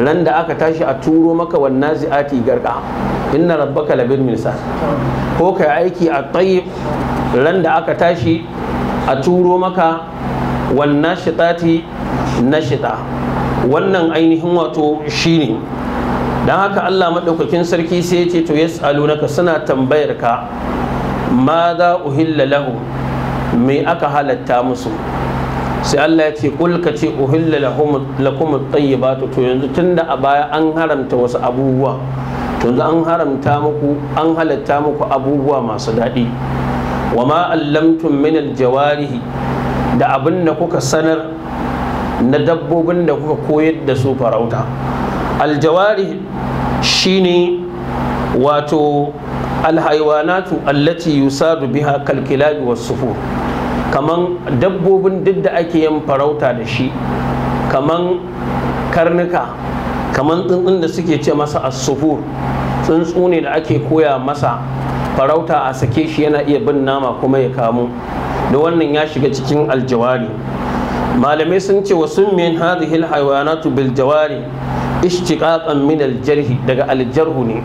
ran da aka tashi a turo maka wannan zi'ati garka inna rabbaka labil mirsad ko kai aiki a tayyib ran da aka tashi a turo maka wannan shidati na shida? wannan ainihin wato shine dan haka Allah madaukakin sarki sai ya ce to yas'alunaka suna tambayar ka ma za uhilla lahu me aka halatta musu sai Allah ya ce kul ka ce uhilla lakum at-tayyibatu to yanzu tunda a baya an haramta wasu abubuwa to yanzu an haramta muku an halatta muku abubuwa masu daɗi wa ma allamtum min al-jawarihi da abin da kuka sanar na dabbobin da kuka koyar da su farauta aljawari shine wato alhaiwanatu allati yusadu biha kalkilabi wasufu kaman dabbobin duk da ake yin farauta da shi kaman karnuka kaman tsuntsun da suke ce masa asufur tsuntsu ne da ake koya masa farauta a sake shi yana iya bin nama kuma ya kamu da wannan ya shiga cikin aljawari malamai sun ce wasu min hadhihi alhaiwanatu biljawari. ishtiqaqan min aljarhi daga aljarhu ne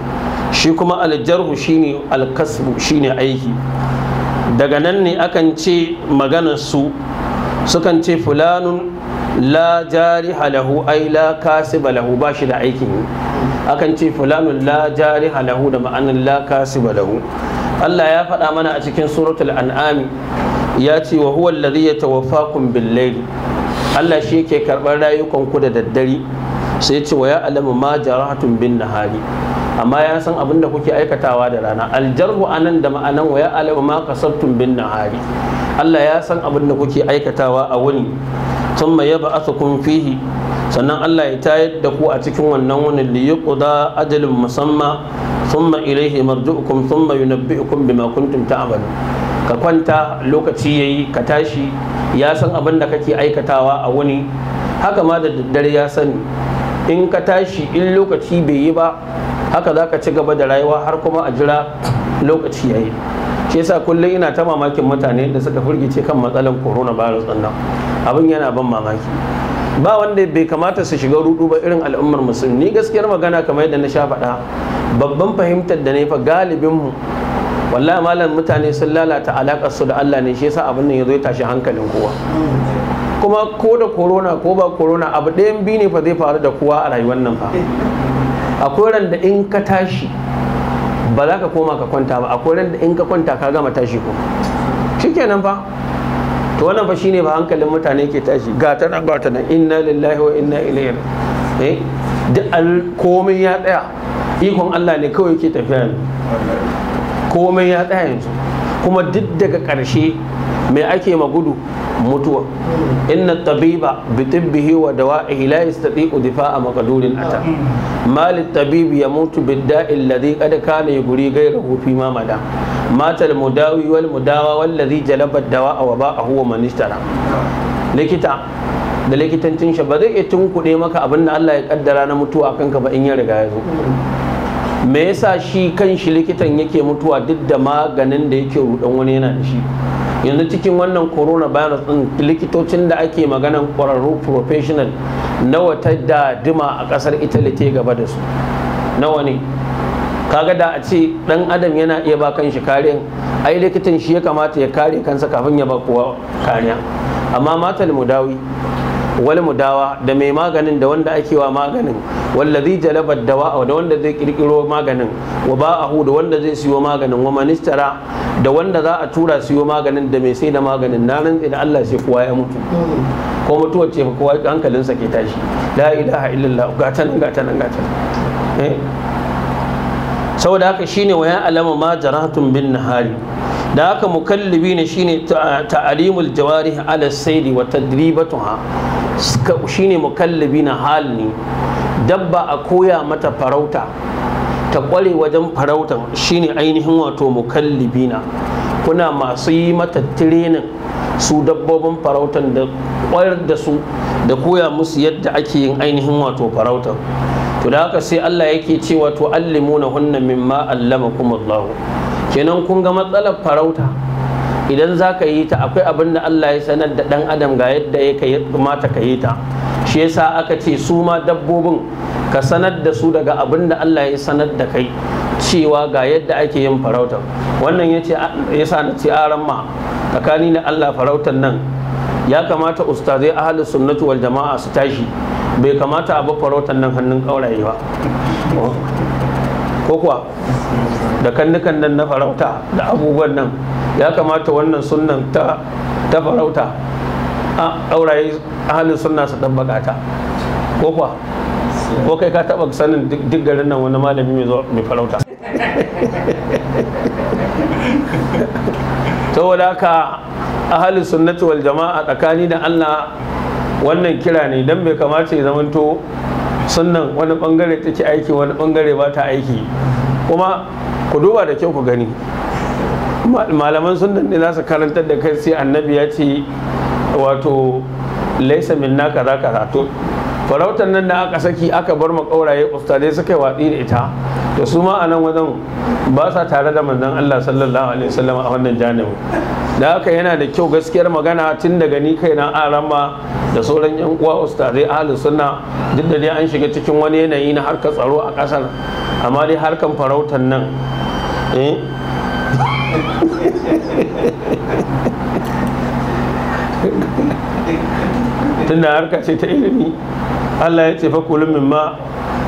shi kuma aljarhu shine alkasbu shine aiki daga nan ne akan ce maganar su sukan ce fulanun la jari halahu ai la kasiba lahu ba shi da aikin yi akan ce fulanun la jari halahu da ma'anin la kasiba lahu Allah ya faɗa mana a cikin suratul an'ami ya ce wa huwa alladhi yatawaffakum bil Allah shi yake karɓar rayukanku da daddare sai ya ce wa ya alamu ma jarahatun bin nahari amma ya san abin da kuke aikatawa da rana aljarhu anan da ma'anan wa ya alama ma kasabtum bin nahari Allah ya san abin da kuke aikatawa a wuni thumma yab'athukum fihi sannan Allah ya tayar da ku a cikin wannan wani li ajalin musamma thumma ilayhi marji'ukum thumma yunabbi'ukum bima kuntum ta'malun ka kwanta lokaci yayi ka tashi ya san abin da kake aikatawa a wuni haka ma da daddare ya sani in ka tashi in lokaci bai yi ba haka za ka ci gaba da rayuwa har kuma a jira lokaci yayi shi yasa kullum ina ta mamakin mutane da suka firgice kan matsalar coronavirus din nan abin yana ban mamaki ba wanda bai kamata su shiga rudu ba irin al'ummar musulmi ni gaskiyar magana kamar yadda na sha faɗa babban fahimtar da ne fa galibin mu wallahi malam mutane sun lalata alakar su da Allah ne shi yasa abin nan ya ya tashi hankalin kowa kuma ko da corona ko ba corona abu ɗayan biyu ne fa zai faru da kowa a rayuwar nan fa akwai ran da in ka tashi ba za ka koma ka kwanta ba akwai ran da in ka kwanta ka gama tashi ko shikenan fa to wannan fa shine ba hankalin mutane ke tashi ga ta nan ga ta nan inna lillahi wa inna ilaihi eh duk komai ya tsaya ikon Allah ne kawai ke tafiya ne komai ya tsaya yanzu kuma duk daga ƙarshe mai ake magudu mutuwa inna tabiba bi tibbihi wa dawa'ihi la yastati'u difa'a maqdurin ata mal tabibi yamutu bid da'i alladhi qad kana yuguri ghayrahu fi ma mada matal mudawi wal mudawa ladhi jalaba ad dawa'a wa ba'a huwa man ishtara likita da likitancin shi ba zai iya tunkuɗe maka abin da Allah ya kaddara na mutuwa kanka ba in ya riga ya zo me yasa shi kan shi likitan yake mutuwa duk da maganin da yake rudan wani yana da shi yanzu cikin wannan coronavirus din likitocin da ake maganan kwararru professional nawa ta dadima a kasar italy ta gaba da su nawa ne kaga da a ce dan adam yana iya ba kan shi kariyan ai likitan shi ya kamata ya kare kansa kafin ya ba kowa kariya amma matal mudawi wal dawa da mai maganin da wanda ake wa maganin wallazi jalaba dawa da wanda zai kirkiro maganin wa ba'ahu da wanda zai siyo maganin wa manistara da wanda za a tura siyo maganin da mai sai da maganin na rantsi da Allah sai kowa ya mutu ko mutuwar ce fa kowa hankalinsa ke tashi la ilaha illallah gata nan gata nan gata eh. saboda haka shine waya alama ma jarahatun bin nahari da haka mukallibi ne shine ta'alimul jawarih ala saidi wa tadribatuha shine mukallabi na halini ne dabba a koya mata farauta ta kware wajen farautan shine ainihin wato na kuna masu yi mata tirenin su dabbobin farauta da kwayar da su da koya musu yadda ake yin ainihin wato farautan to da haka sai Allah yake cewa to allimuna hunna mimma kuma Allah kenan kun ga matsalar farauta idan za ka yi ta akwai abin da Allah ya sanar da ɗan adam ga yadda ya mata ka yi ta shi yasa aka ce su ma dabbobin ka sanar da su daga abin da Allah ya sanar da kai cewa ga yadda ake yin farautar wannan ya ce sa na ce aran ma tsakani da Allah farautar nan ya kamata ustazai ahalus sunnatu wal jama'a su tashi bai kamata a bi farautar nan hannun kauraye ba ko da kannukan nan na farauta da abubuwan nan ya kamata wannan sunnan ta farauta a auraye ahalin sunna su dan bagata ko kuwa ko kai ka taba sanin duk garin nan wani malami mai zo mai farauta saboda haka ahalin sunnati wal jama'a tsakani da Allah wannan kira ne dan bai kamata ya zamanto sunnan wani bangare take aiki wani bangare ba ta aiki kuma ku duba da kyau ku gani malaman sunan ne za karantar da kai sai annabi ya ce wato laisa minna kaza kaza to farautar nan da aka saki aka bar makauraye ustade ustadai suka watsi da ita to su ma a nan wajen ba sa tare da manzon Allah sallallahu alaihi wasallam a wannan janibi da haka yana da kyau gaskiyar magana tun daga ni kai na arama da sauran yan uwa ustade ahli sunna duk da dai an shiga cikin wani yanayi na harkar tsaro a kasar amma dai harkar farautar nan eh tunda harka ce ta ilimi Allah ya ce fa kullu mimma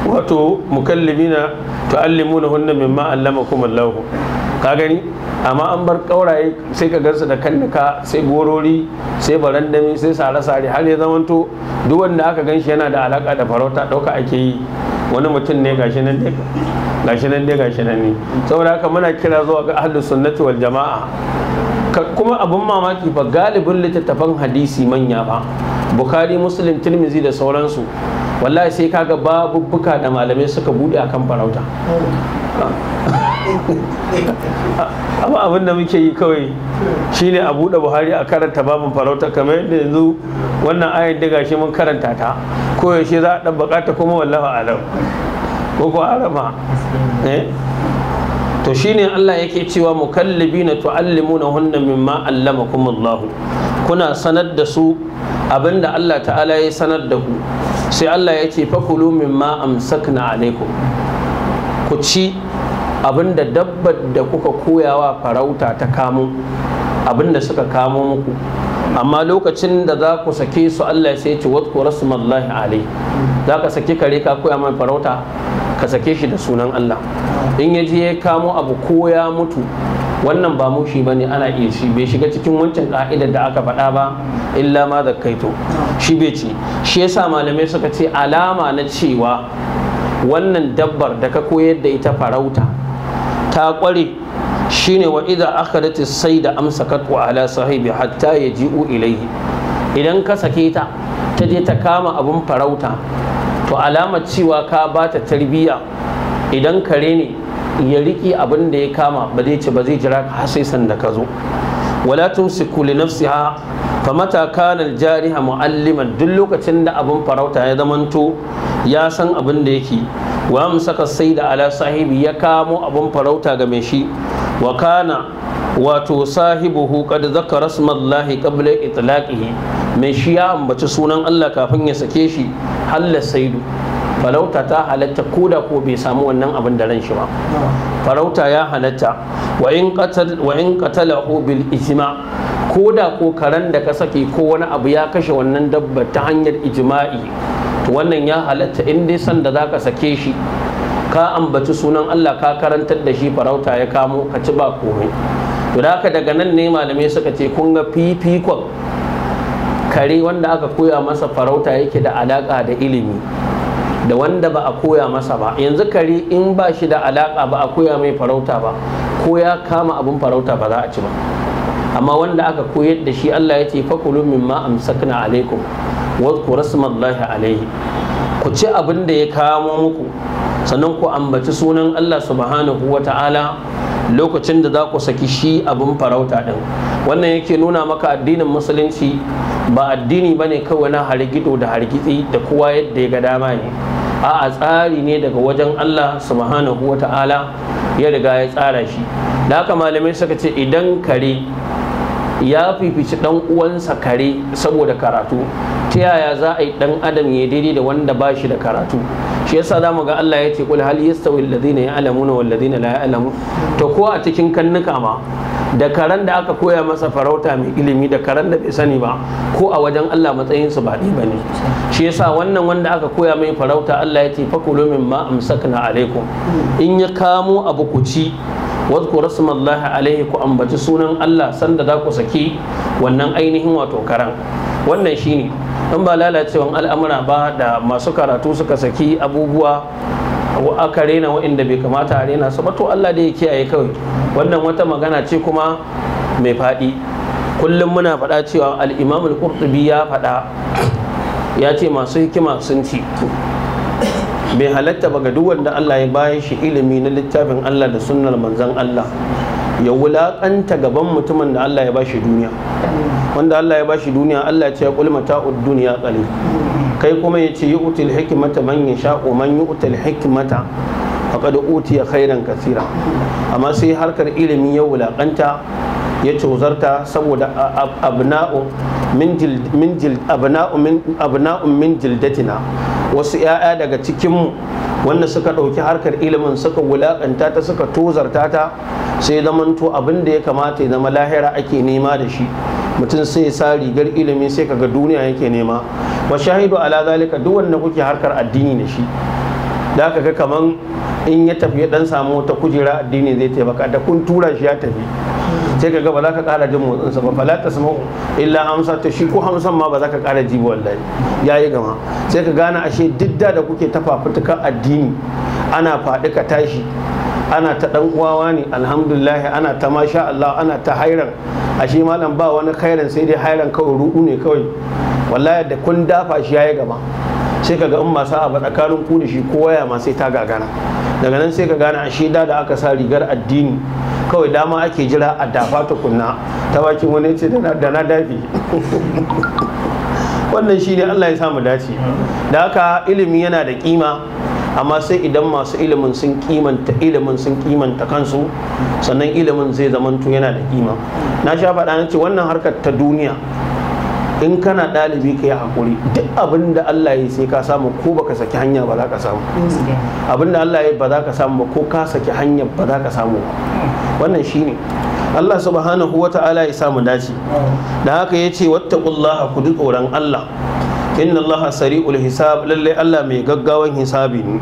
wato mukallimina tu'allimuna hunna mimma allamakum Allah ka gani amma an bar kauraye sai ka gansu da ka sai gorori sai barandami sai sare-sare har ya zamanto duk wanda aka ganshi yana da alaka da farauta dauka ake yi wani mutum ne gashi nan dai gashi nan dai gashi nan ne saboda haka muna kira zuwa ga ahli sunnati wal jama'a kuma abun mamaki ba galibin littattafan hadisi manya ba. bukhari muslim tirmizi da sauransu wallahi sai kaga babubbuka da malamai suka bude akan farauta amma abin da muke yi kawai shine a buɗe buhari a karanta babin farauta kamar yadda yanzu wannan ayin daga shi mun karanta ta koyaushe za a ɗan bukata kuma wallafa alam ko ko arama eh? to shine Allah yake cewa mukallibina tuallimuna hunna mimma allamakum Allah kuna sanar da su abinda Allah ta'ala ya sanar da ku sai Allah ya ce fakulu mimma amsakna alaikum ku ci abinda dabbar da kuka koyawa farauta ta kamo abinda suka kamo muku amma lokacin da za ku sake su Allah sai ce wadku rasmallahi alai za ka saki kare ka koya mai farauta ka sake shi da sunan Allah in ya je ya kamo abu ko ya mutu wannan ba mushi ba ne ana iya shi bai shiga cikin wancan ka'idar da aka faɗa ba illa ma da kaito shi bai ce shi ya sa malamai suka ce alama na cewa wannan dabbar da ka koyar da ita farauta ta ƙware shine wa idan aka rati sai da amsa katwa ala sahibi hatta ya ji'u ilaihi idan ka sake ta ta je ta kama abun farauta to alamar cewa ka ba ta tarbiyya idan kare ne ya riƙe abin da ya kama ba zai ci ba zai jira ka har sai sanda ka zo wala tumsiku li nafsiha mata kana jariha mu'alliman duk lokacin da abin farauta ya zamanto ya san abin da yake wa amsaka da ala sahibi ya kamo abin farauta ga mai shi wa kana wato sahibuhu qad zakara smallahi qabla itlaqihi mai shi ya ambaci sunan Allah kafin ya sake shi halla saidu farauta ta halatta da ko bai samu wannan abin da ran shi ba farauta ya halatta wa in qatal wa in qatalahu bil ijma da ko karan da ka sake ko wani abu ya kashe wannan dabba ta hanyar ijma'i to wannan ya halatta in dai san da zaka sake shi ka ambaci sunan Allah ka karantar da shi farauta ya kamo ka ci ba komai to da daga nan ne malamai suka ce kun ga fifikon kare wanda aka koya masa farauta yake da alaƙa da ilimi da wanda ba a koya masa ba yanzu kare in ba shi da alaƙa ba a koya mai farauta ba ko ya kama abin farauta ba za a ci ba amma wanda aka koyar da shi Allah ya ce min ma amsakna alaikum wa rasmallahi alaihi ku ci abin da ya kamo muku sannan ku ambaci sunan Allah subhanahu Wata'ala. lokacin da za ku saki shi abin farauta ɗin wannan yake nuna maka addinin musulunci ba addini ba ne kawai na hargido da hargitsi da kowa yadda ya ga dama ne a tsari ne daga wajen allah subhanahu wa ta'ala ya riga ya tsara shi da haka malamai suka ce idan kare ya fifici dan uwansa kare saboda karatu ta yaya za a yi dan adam ya daidai da wanda ba shi da karatu shi yasa mu ga Allah ya ce kul hal yastawi alladhina ya'lamuna wal ladina la ya'lamu to ko a cikin kannuka ma da karan da aka koya masa farauta mai ilimi da karan da bai sani ba ko a wajen Allah matsayin su ba dai bane shi yasa wannan wanda aka koya mai farauta Allah ya ce fakulu mimma amsakna alaikum in ya kamo abu ku wasu wadku rasmallahi alaihi ku ambaci sunan Allah sanda za ku saki wannan ainihin wato karan wannan shine in ba lalacewan al'amura ba da masu karatu suka saki abubuwa aka rena wa'inda bai kamata a rena su ba to Allah da ya kiyaye kawai wannan wata magana ce kuma mai faɗi kullum muna faɗa cewa al-imam ya faɗa ya ce masu hikima sun ci bai halatta ba ga duk wanda Allah ya bayan shi ilimi na littafin Allah da sunnar manzon Allah ya wulaƙanta gaban mutumin da Allah ya bashi duniya wanda Allah ya bashi duniya Allah ya ce qul mata'ud dunya qalil kai kuma ya ce yu'til hikmata man yasha'u man yu'til hikmata faqad utiya khairan kasira. amma sai harkar ilimi ya wulakanta ya cozarta saboda abna'u min jildatina wasu 'ya'ya daga cikinmu wanda suka ɗauki harkar ilimin suka wulaƙanta ta suka tozarta ta sai zamanto abin da ya kamata ya zama lahira ake nema da shi mutum sai sa rigar ilimi sai kaga duniya yake nema wa shahidu ala zalika duk wanda kuke harkar addini da shi da aka kaman in ya tafi ya dan samu wata kujera addini zai taimaka da kun tura shi ya tafi sai ka gaba za ka kara jin motsinsa ba fala ta sama illa amsa ta shi ko hamsan ma ba za ka kara ji wallahi ya gama sai ka gane ashe didda da kuke ta fafutukan addini ana faɗi ka tashi ana ta ɗan uwawa ne alhamdulillah ana ta masha Allah ana ta hairan ashe malam ba wani hairan sai dai hairan kawai ruɗu ne kawai wallahi da kun dafa shi yayi yi gama sai kaga in masu abu tsakanin ku da shi kowa ya ma sai ta gagara daga nan sai ka gane ashe da da aka sa rigar addini kawai dama ake jira a dafa tukunna ta bakin wani ce da na dafi wannan shi ne allah ya samu dace da haka ilimi yana da kima amma sai idan masu ilimin sun kimanta ilimin sun kimanta kansu sannan ilimin zai zamanto yana da kima na sha faɗa na ce wannan harkar ta duniya in kana ɗalibi ka yi haƙuri duk abin da Allah ya sai ka samu ko ba ka saki hanya ba za ka samu abin da Allah ya ba za ka samu ba ko ka saki hanya ba za ka samu ba wannan ne. Allah subhanahu wa ta'ala ya samu dace da haka ya ce wattaqullaha ku tsoron Allah inna Allah sari'ul hisab lalle Allah mai gaggawan hisabi ne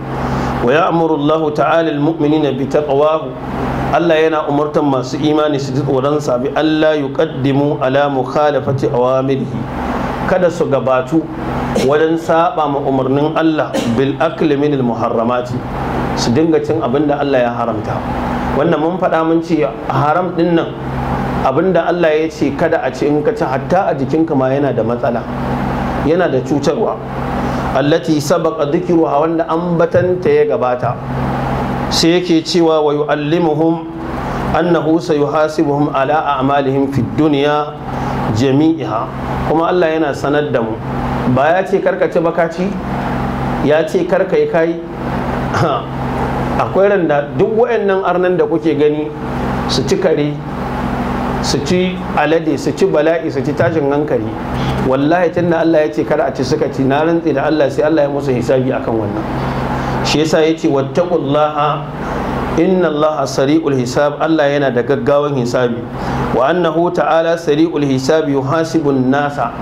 wa ya'muru Allah ta'ala al-mu'minina bi taqwahu Allah yana umartan masu imani su ji tsoron sabi Allah kaddimu ala mukhalafati awamirihi kada su gabatu wajen saba ma umarnin Allah bil akli min al muharramati su dinga cin abin Allah ya haramta wannan mun faɗa mun ce haram din nan abin Allah ya ce kada a ci in ka ci hatta a jikinka ma yana da matsala yana da cutarwa allati sabaqa dhikruha wanda ambatanta ya gabata sai yake cewa wa yu'allimuhum annahu sayuhasibuhum ala a'malihim fid dunya jami'iha kuma Allah yana sanar da mu ba ya ce karkace bakaci ya ce karkai kai akwai randa duk wayannan arnan da kuke gani su ci kare su ci alade su ci bala'i su ci tashin hankali wallahi tunda Allah ya ce kar a ci suka ci na rantsi da Allah sai Allah ya musu hisabi akan wannan shi yasa yace wattaqullaha inna Allah sari'ul hisab Allah yana da gaggawan hisabi wa annahu ta'ala sari'ul hisab yuhasibun nasa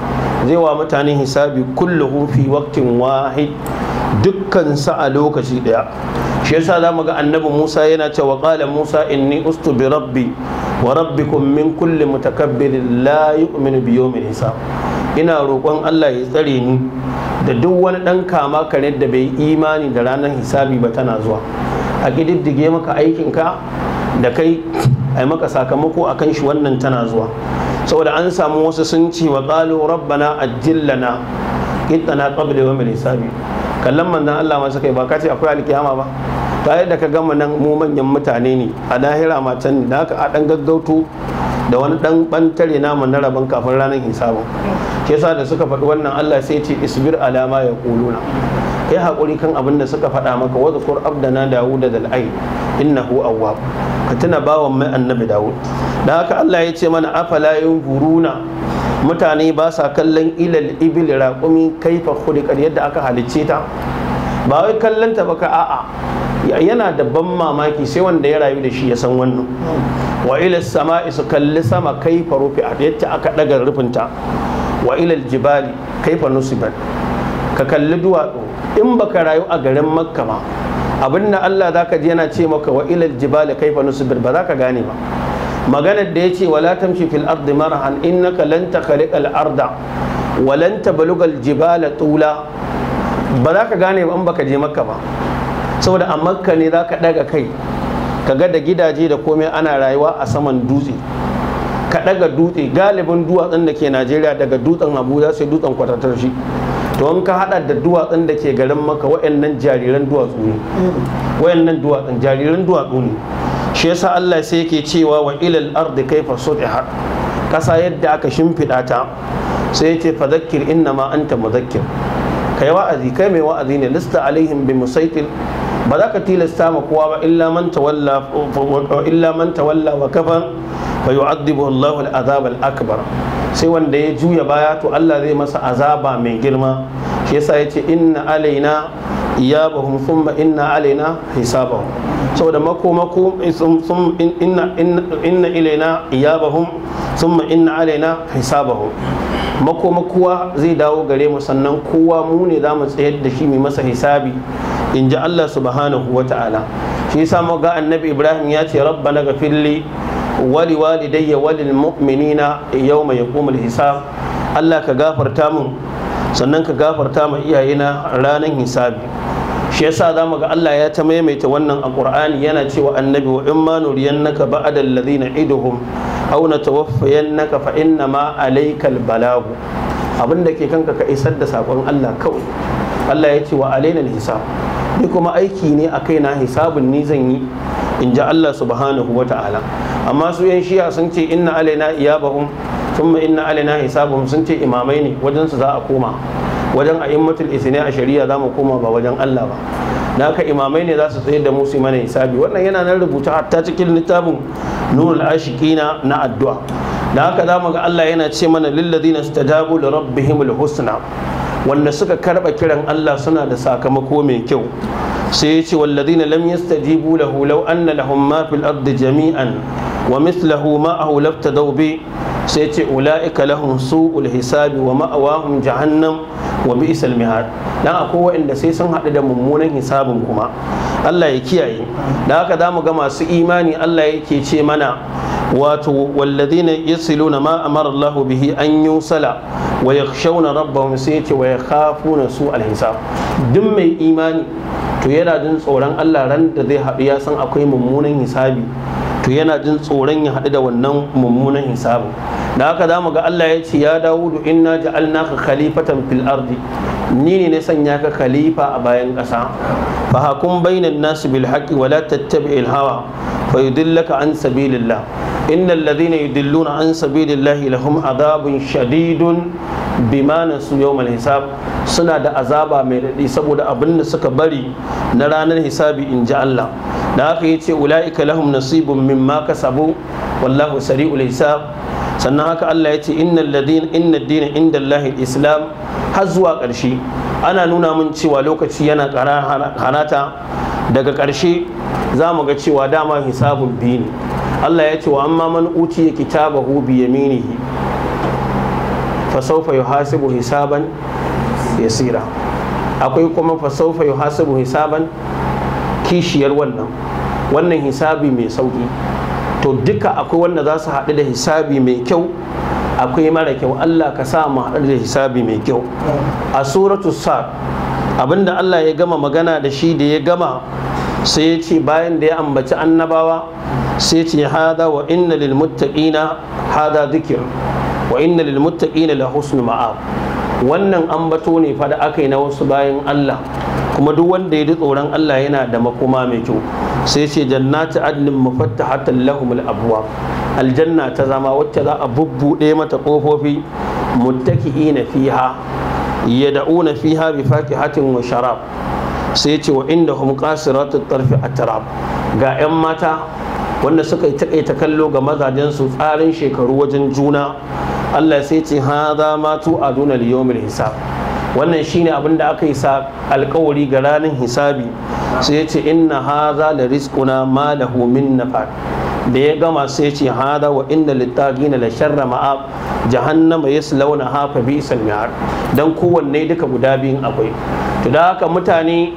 zai wa mutane hisabi kulluhu fi waqtin wahid dukkan sa a lokaci daya shi yasa zamu ga annabi Musa yana cewa qala Musa inni ustu bi rabbi wa rabbikum min kulli mutakabbirin la yu'minu bi yawmil hisab ina roƙon Allah ya tsare ni da duk wani ɗan kama kare da bai imani da ranar hisabi ba tana zuwa a ƙididdige maka aikinka da kai a maka sakamako a kan shi wannan tana zuwa saboda an samu wasu sun ce wa ƙalu rabbana ajillana kitana qabla yawmil hisabi kallon manzan Allah ma suka yi ba ka ce akwai alkiyama ba ta yadda ka gama nan mu manyan mutane ne a lahira ma can da haka a dan gaggauto da wani dan bantare namu na rabon kafin ranar hisabin ke sa da suka faɗi wannan Allah sai ce isbir alama ya kuluna ya haƙuri kan abin da suka faɗa maka wadda kur abdana dawud da al'ai hu awwab ka tuna bawan mai annabi dawud da haka Allah ya ce mana afala buruna mutane ba sa kallon ilal ibil raƙumi kaifa khuliqat yadda aka halicce ta ba wai kallon ta baka a'a yana da ban mamaki sai wanda ya rayu da shi ya san wannan wa ilal sama'i su kalli sama kaifa a yadda aka ɗaga rufinta wa ilal jibali kaifa nusibat ka kalli duwatsu in baka rayu a garin makka ba abin da Allah za ka ji yana ce maka wa ilal jibali kaifa nusbir ba za ka gane ba maganar da ya ce wala tamshi fil ardi marahan innaka lan takhliq al arda wa lan tabluga al jibala tula ba za ka gane ba in baka je makka ba saboda a makka ne za ka daga kai ka ga da gidaje da komai ana rayuwa a saman dutse ka daga dutse galibin duwatsun da ke Najeriya daga dutsen Abuja sai dutsen kwatatar shi don ka hada da duwatsun da ke garin maka wa'annan jariran duwatsu ne wa'annan duwatsun jariran duwatsu ne shi yasa Allah sai yake cewa wa ilal ardi kaifa sudihat kasa yadda aka shimfida ta sai yace fadhakkir inna ma anta mudhakkir kai wa'azi kai mai wa'azi ne lista alaihim bi musaitil ba za ka tilasta ma kowa ba illa man tawalla wa kafa fa yu'adhibu Allahu al-azab al-akbar sai wanda ya juya baya to Allah zai masa azaba mai girma shi yasa yace inna alaina iyabahum thumma inna alaina hisabahum saboda makomako inna ilaina iyabahum thumma inna alaina hisabahum mako zai dawo gare mu sannan kowa mu ne za mu tsayar da shi mai masa hisabi in ji Allah subhanahu wa ta'ala shi yasa mu ga annabi Ibrahim ya ce rabbana gafirli wali walidayya walil mu'minina mai hukumar hisab Allah ka gafarta mu sannan ka gafarta ma iyayena ranar hisabi shi yasa mu ga Allah ya ta maimaita wannan a Qur'ani yana cewa annabi wa ma nuriyannaka ba'da alladhina iduhum aw natawaffayannaka fa inna ma alaykal balagu abinda ke kanka ka isar da sakon Allah kawai Allah ya ce wa alaina hisab ni kuma aiki ne a kaina hisabun ni zan yi in ji Allah subhanahu wa ta'ala amma su yan shiya sun ce inna alaina iyabahum thumma inna alaina hisabahum sun ce imamai ne wajen za a koma wajen a a'immatul isnai a shari'a za mu koma ba wajen Allah ba naka imamai ne za su tsaye da musu mana hisabi wannan yana nan rubuta hatta cikin littafin nurul ashiqina na addu'a da haka za mu ga Allah yana ce mana lilladina stajabu li rabbihimul husna wanda suka karɓa kiran Allah suna da sakamako mai kyau sai ya ce walladina lam yastajibu lahu law anna lahum ma fil ardi jami'an wa mithluhu ma'ahu laftadaw bi sai ce ulaika lahum su'ul hisabi wa ma'awahum jahannam wa bi'sal mihad dan akwai wanda sai sun haɗu da mummunan hisabin kuma Allah ya kiyaye da haka zamu ga masu imani Allah yake ce mana wato walladina yasiluna ma amara Allah bihi an yi sala wa shauna rabbahum sai ce wa na su alhisab duk mai imani to yana jin tsoron Allah ran da zai haɗu ya san akwai mummunan hisabi to yana jin tsoron ya haɗu da wannan mummunan hisabin da haka za mu ga Allah ya ce ya Dawudu inna ja'alnaka khalifatan fil ardi ni ne na sanya ka khalifa a bayan ƙasa fa hakum bainan nasu bil haqqi wa tattabi'il hawa fa yudillaka an sabilillah innal ladhina yudilluna an sabilillahi lahum adhabun shadidun bima nasu yawmal hisab suna da azaba mai daɗi saboda abin da suka bari na ranar hisabi in ji Allah da haka yace ulaika lahum nasibun mimma kasabu wallahu sari'ul hisab sannan haka Allah ya ce innal ladin inna dina inda lahi islam har zuwa ƙarshe ana nuna min cewa lokaci yana ƙara hanata daga ƙarshe za mu ga cewa dama hisabun biyu ne Allah ya ce wa amma man utiya kitabahu bi yaminihi fa sawfa yuhasibu hisaban yasira akwai kuma fa sawfa yuhasibu hisaban kishiyar wannan wannan hisabi mai sauki to duka akwai wanda za su haɗu da hisabi mai kyau akwai mara kyau Allah ka sa mu haɗu da hisabi mai kyau a suratu sa abinda Allah ya gama magana da shi da ya gama sai ya ce bayan da ya ambaci annabawa sai ya ce hada wa inna lil hada dhikr wa inna lil muttaqina la husnul ma'ab wannan ambato ne fa da aka yi na wasu bayan Allah kuma duk wanda ya ji tsoron Allah yana da makoma mai kyau sai ce jannatu adnin mufattahatan lahum al-abwab aljanna ta zama wacce za a bubbuɗe mata kofofi muttaki'ina fiha yad'una fiha bi fakihatin wa sharab sai ce wa indahum qasiratut tarfi atrab ga 'yan mata wanda suka yi takaita kallo ga mazajen su tsarin shekaru wajen juna Allah sai ce ha za ma tu aduna liyomil hisab wannan shine abin da aka yi sa alkawari ga ranar hisabi sai ya ce inna haza da rizquna ma lahu min nafar da ya gama sai ya ce haza wa inna littagina la sharra ma'ab jahannama yaslawna ha fa mai mi'ar dan kowanne duka guda biyun akwai to da haka mutane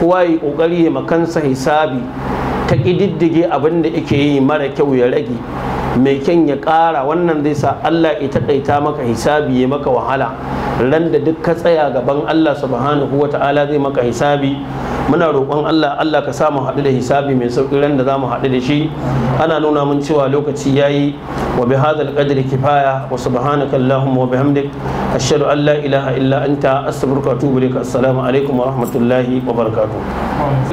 kowa yi kokari ya makansa hisabi ta kididdige abin da yake yi mara kyau ya rage mai kyan ya ƙara wannan zai sa Allah ya taƙaita maka hisabi ya maka wahala ran da duk ka tsaya gaban Allah subhanahu wa ta'ala zai maka hisabi muna roƙon Allah Allah ka sa mu haɗu da hisabi mai sauƙi ran da za mu haɗu da shi ana nuna mun cewa lokaci ya yi wa bi hadzal qadri kifaya wa subhanaka allahumma wa bihamdik ashhadu an la ilaha illa anta astaghfiruka wa atubu ilaik assalamu alaikum wa rahmatullahi wa barakatuh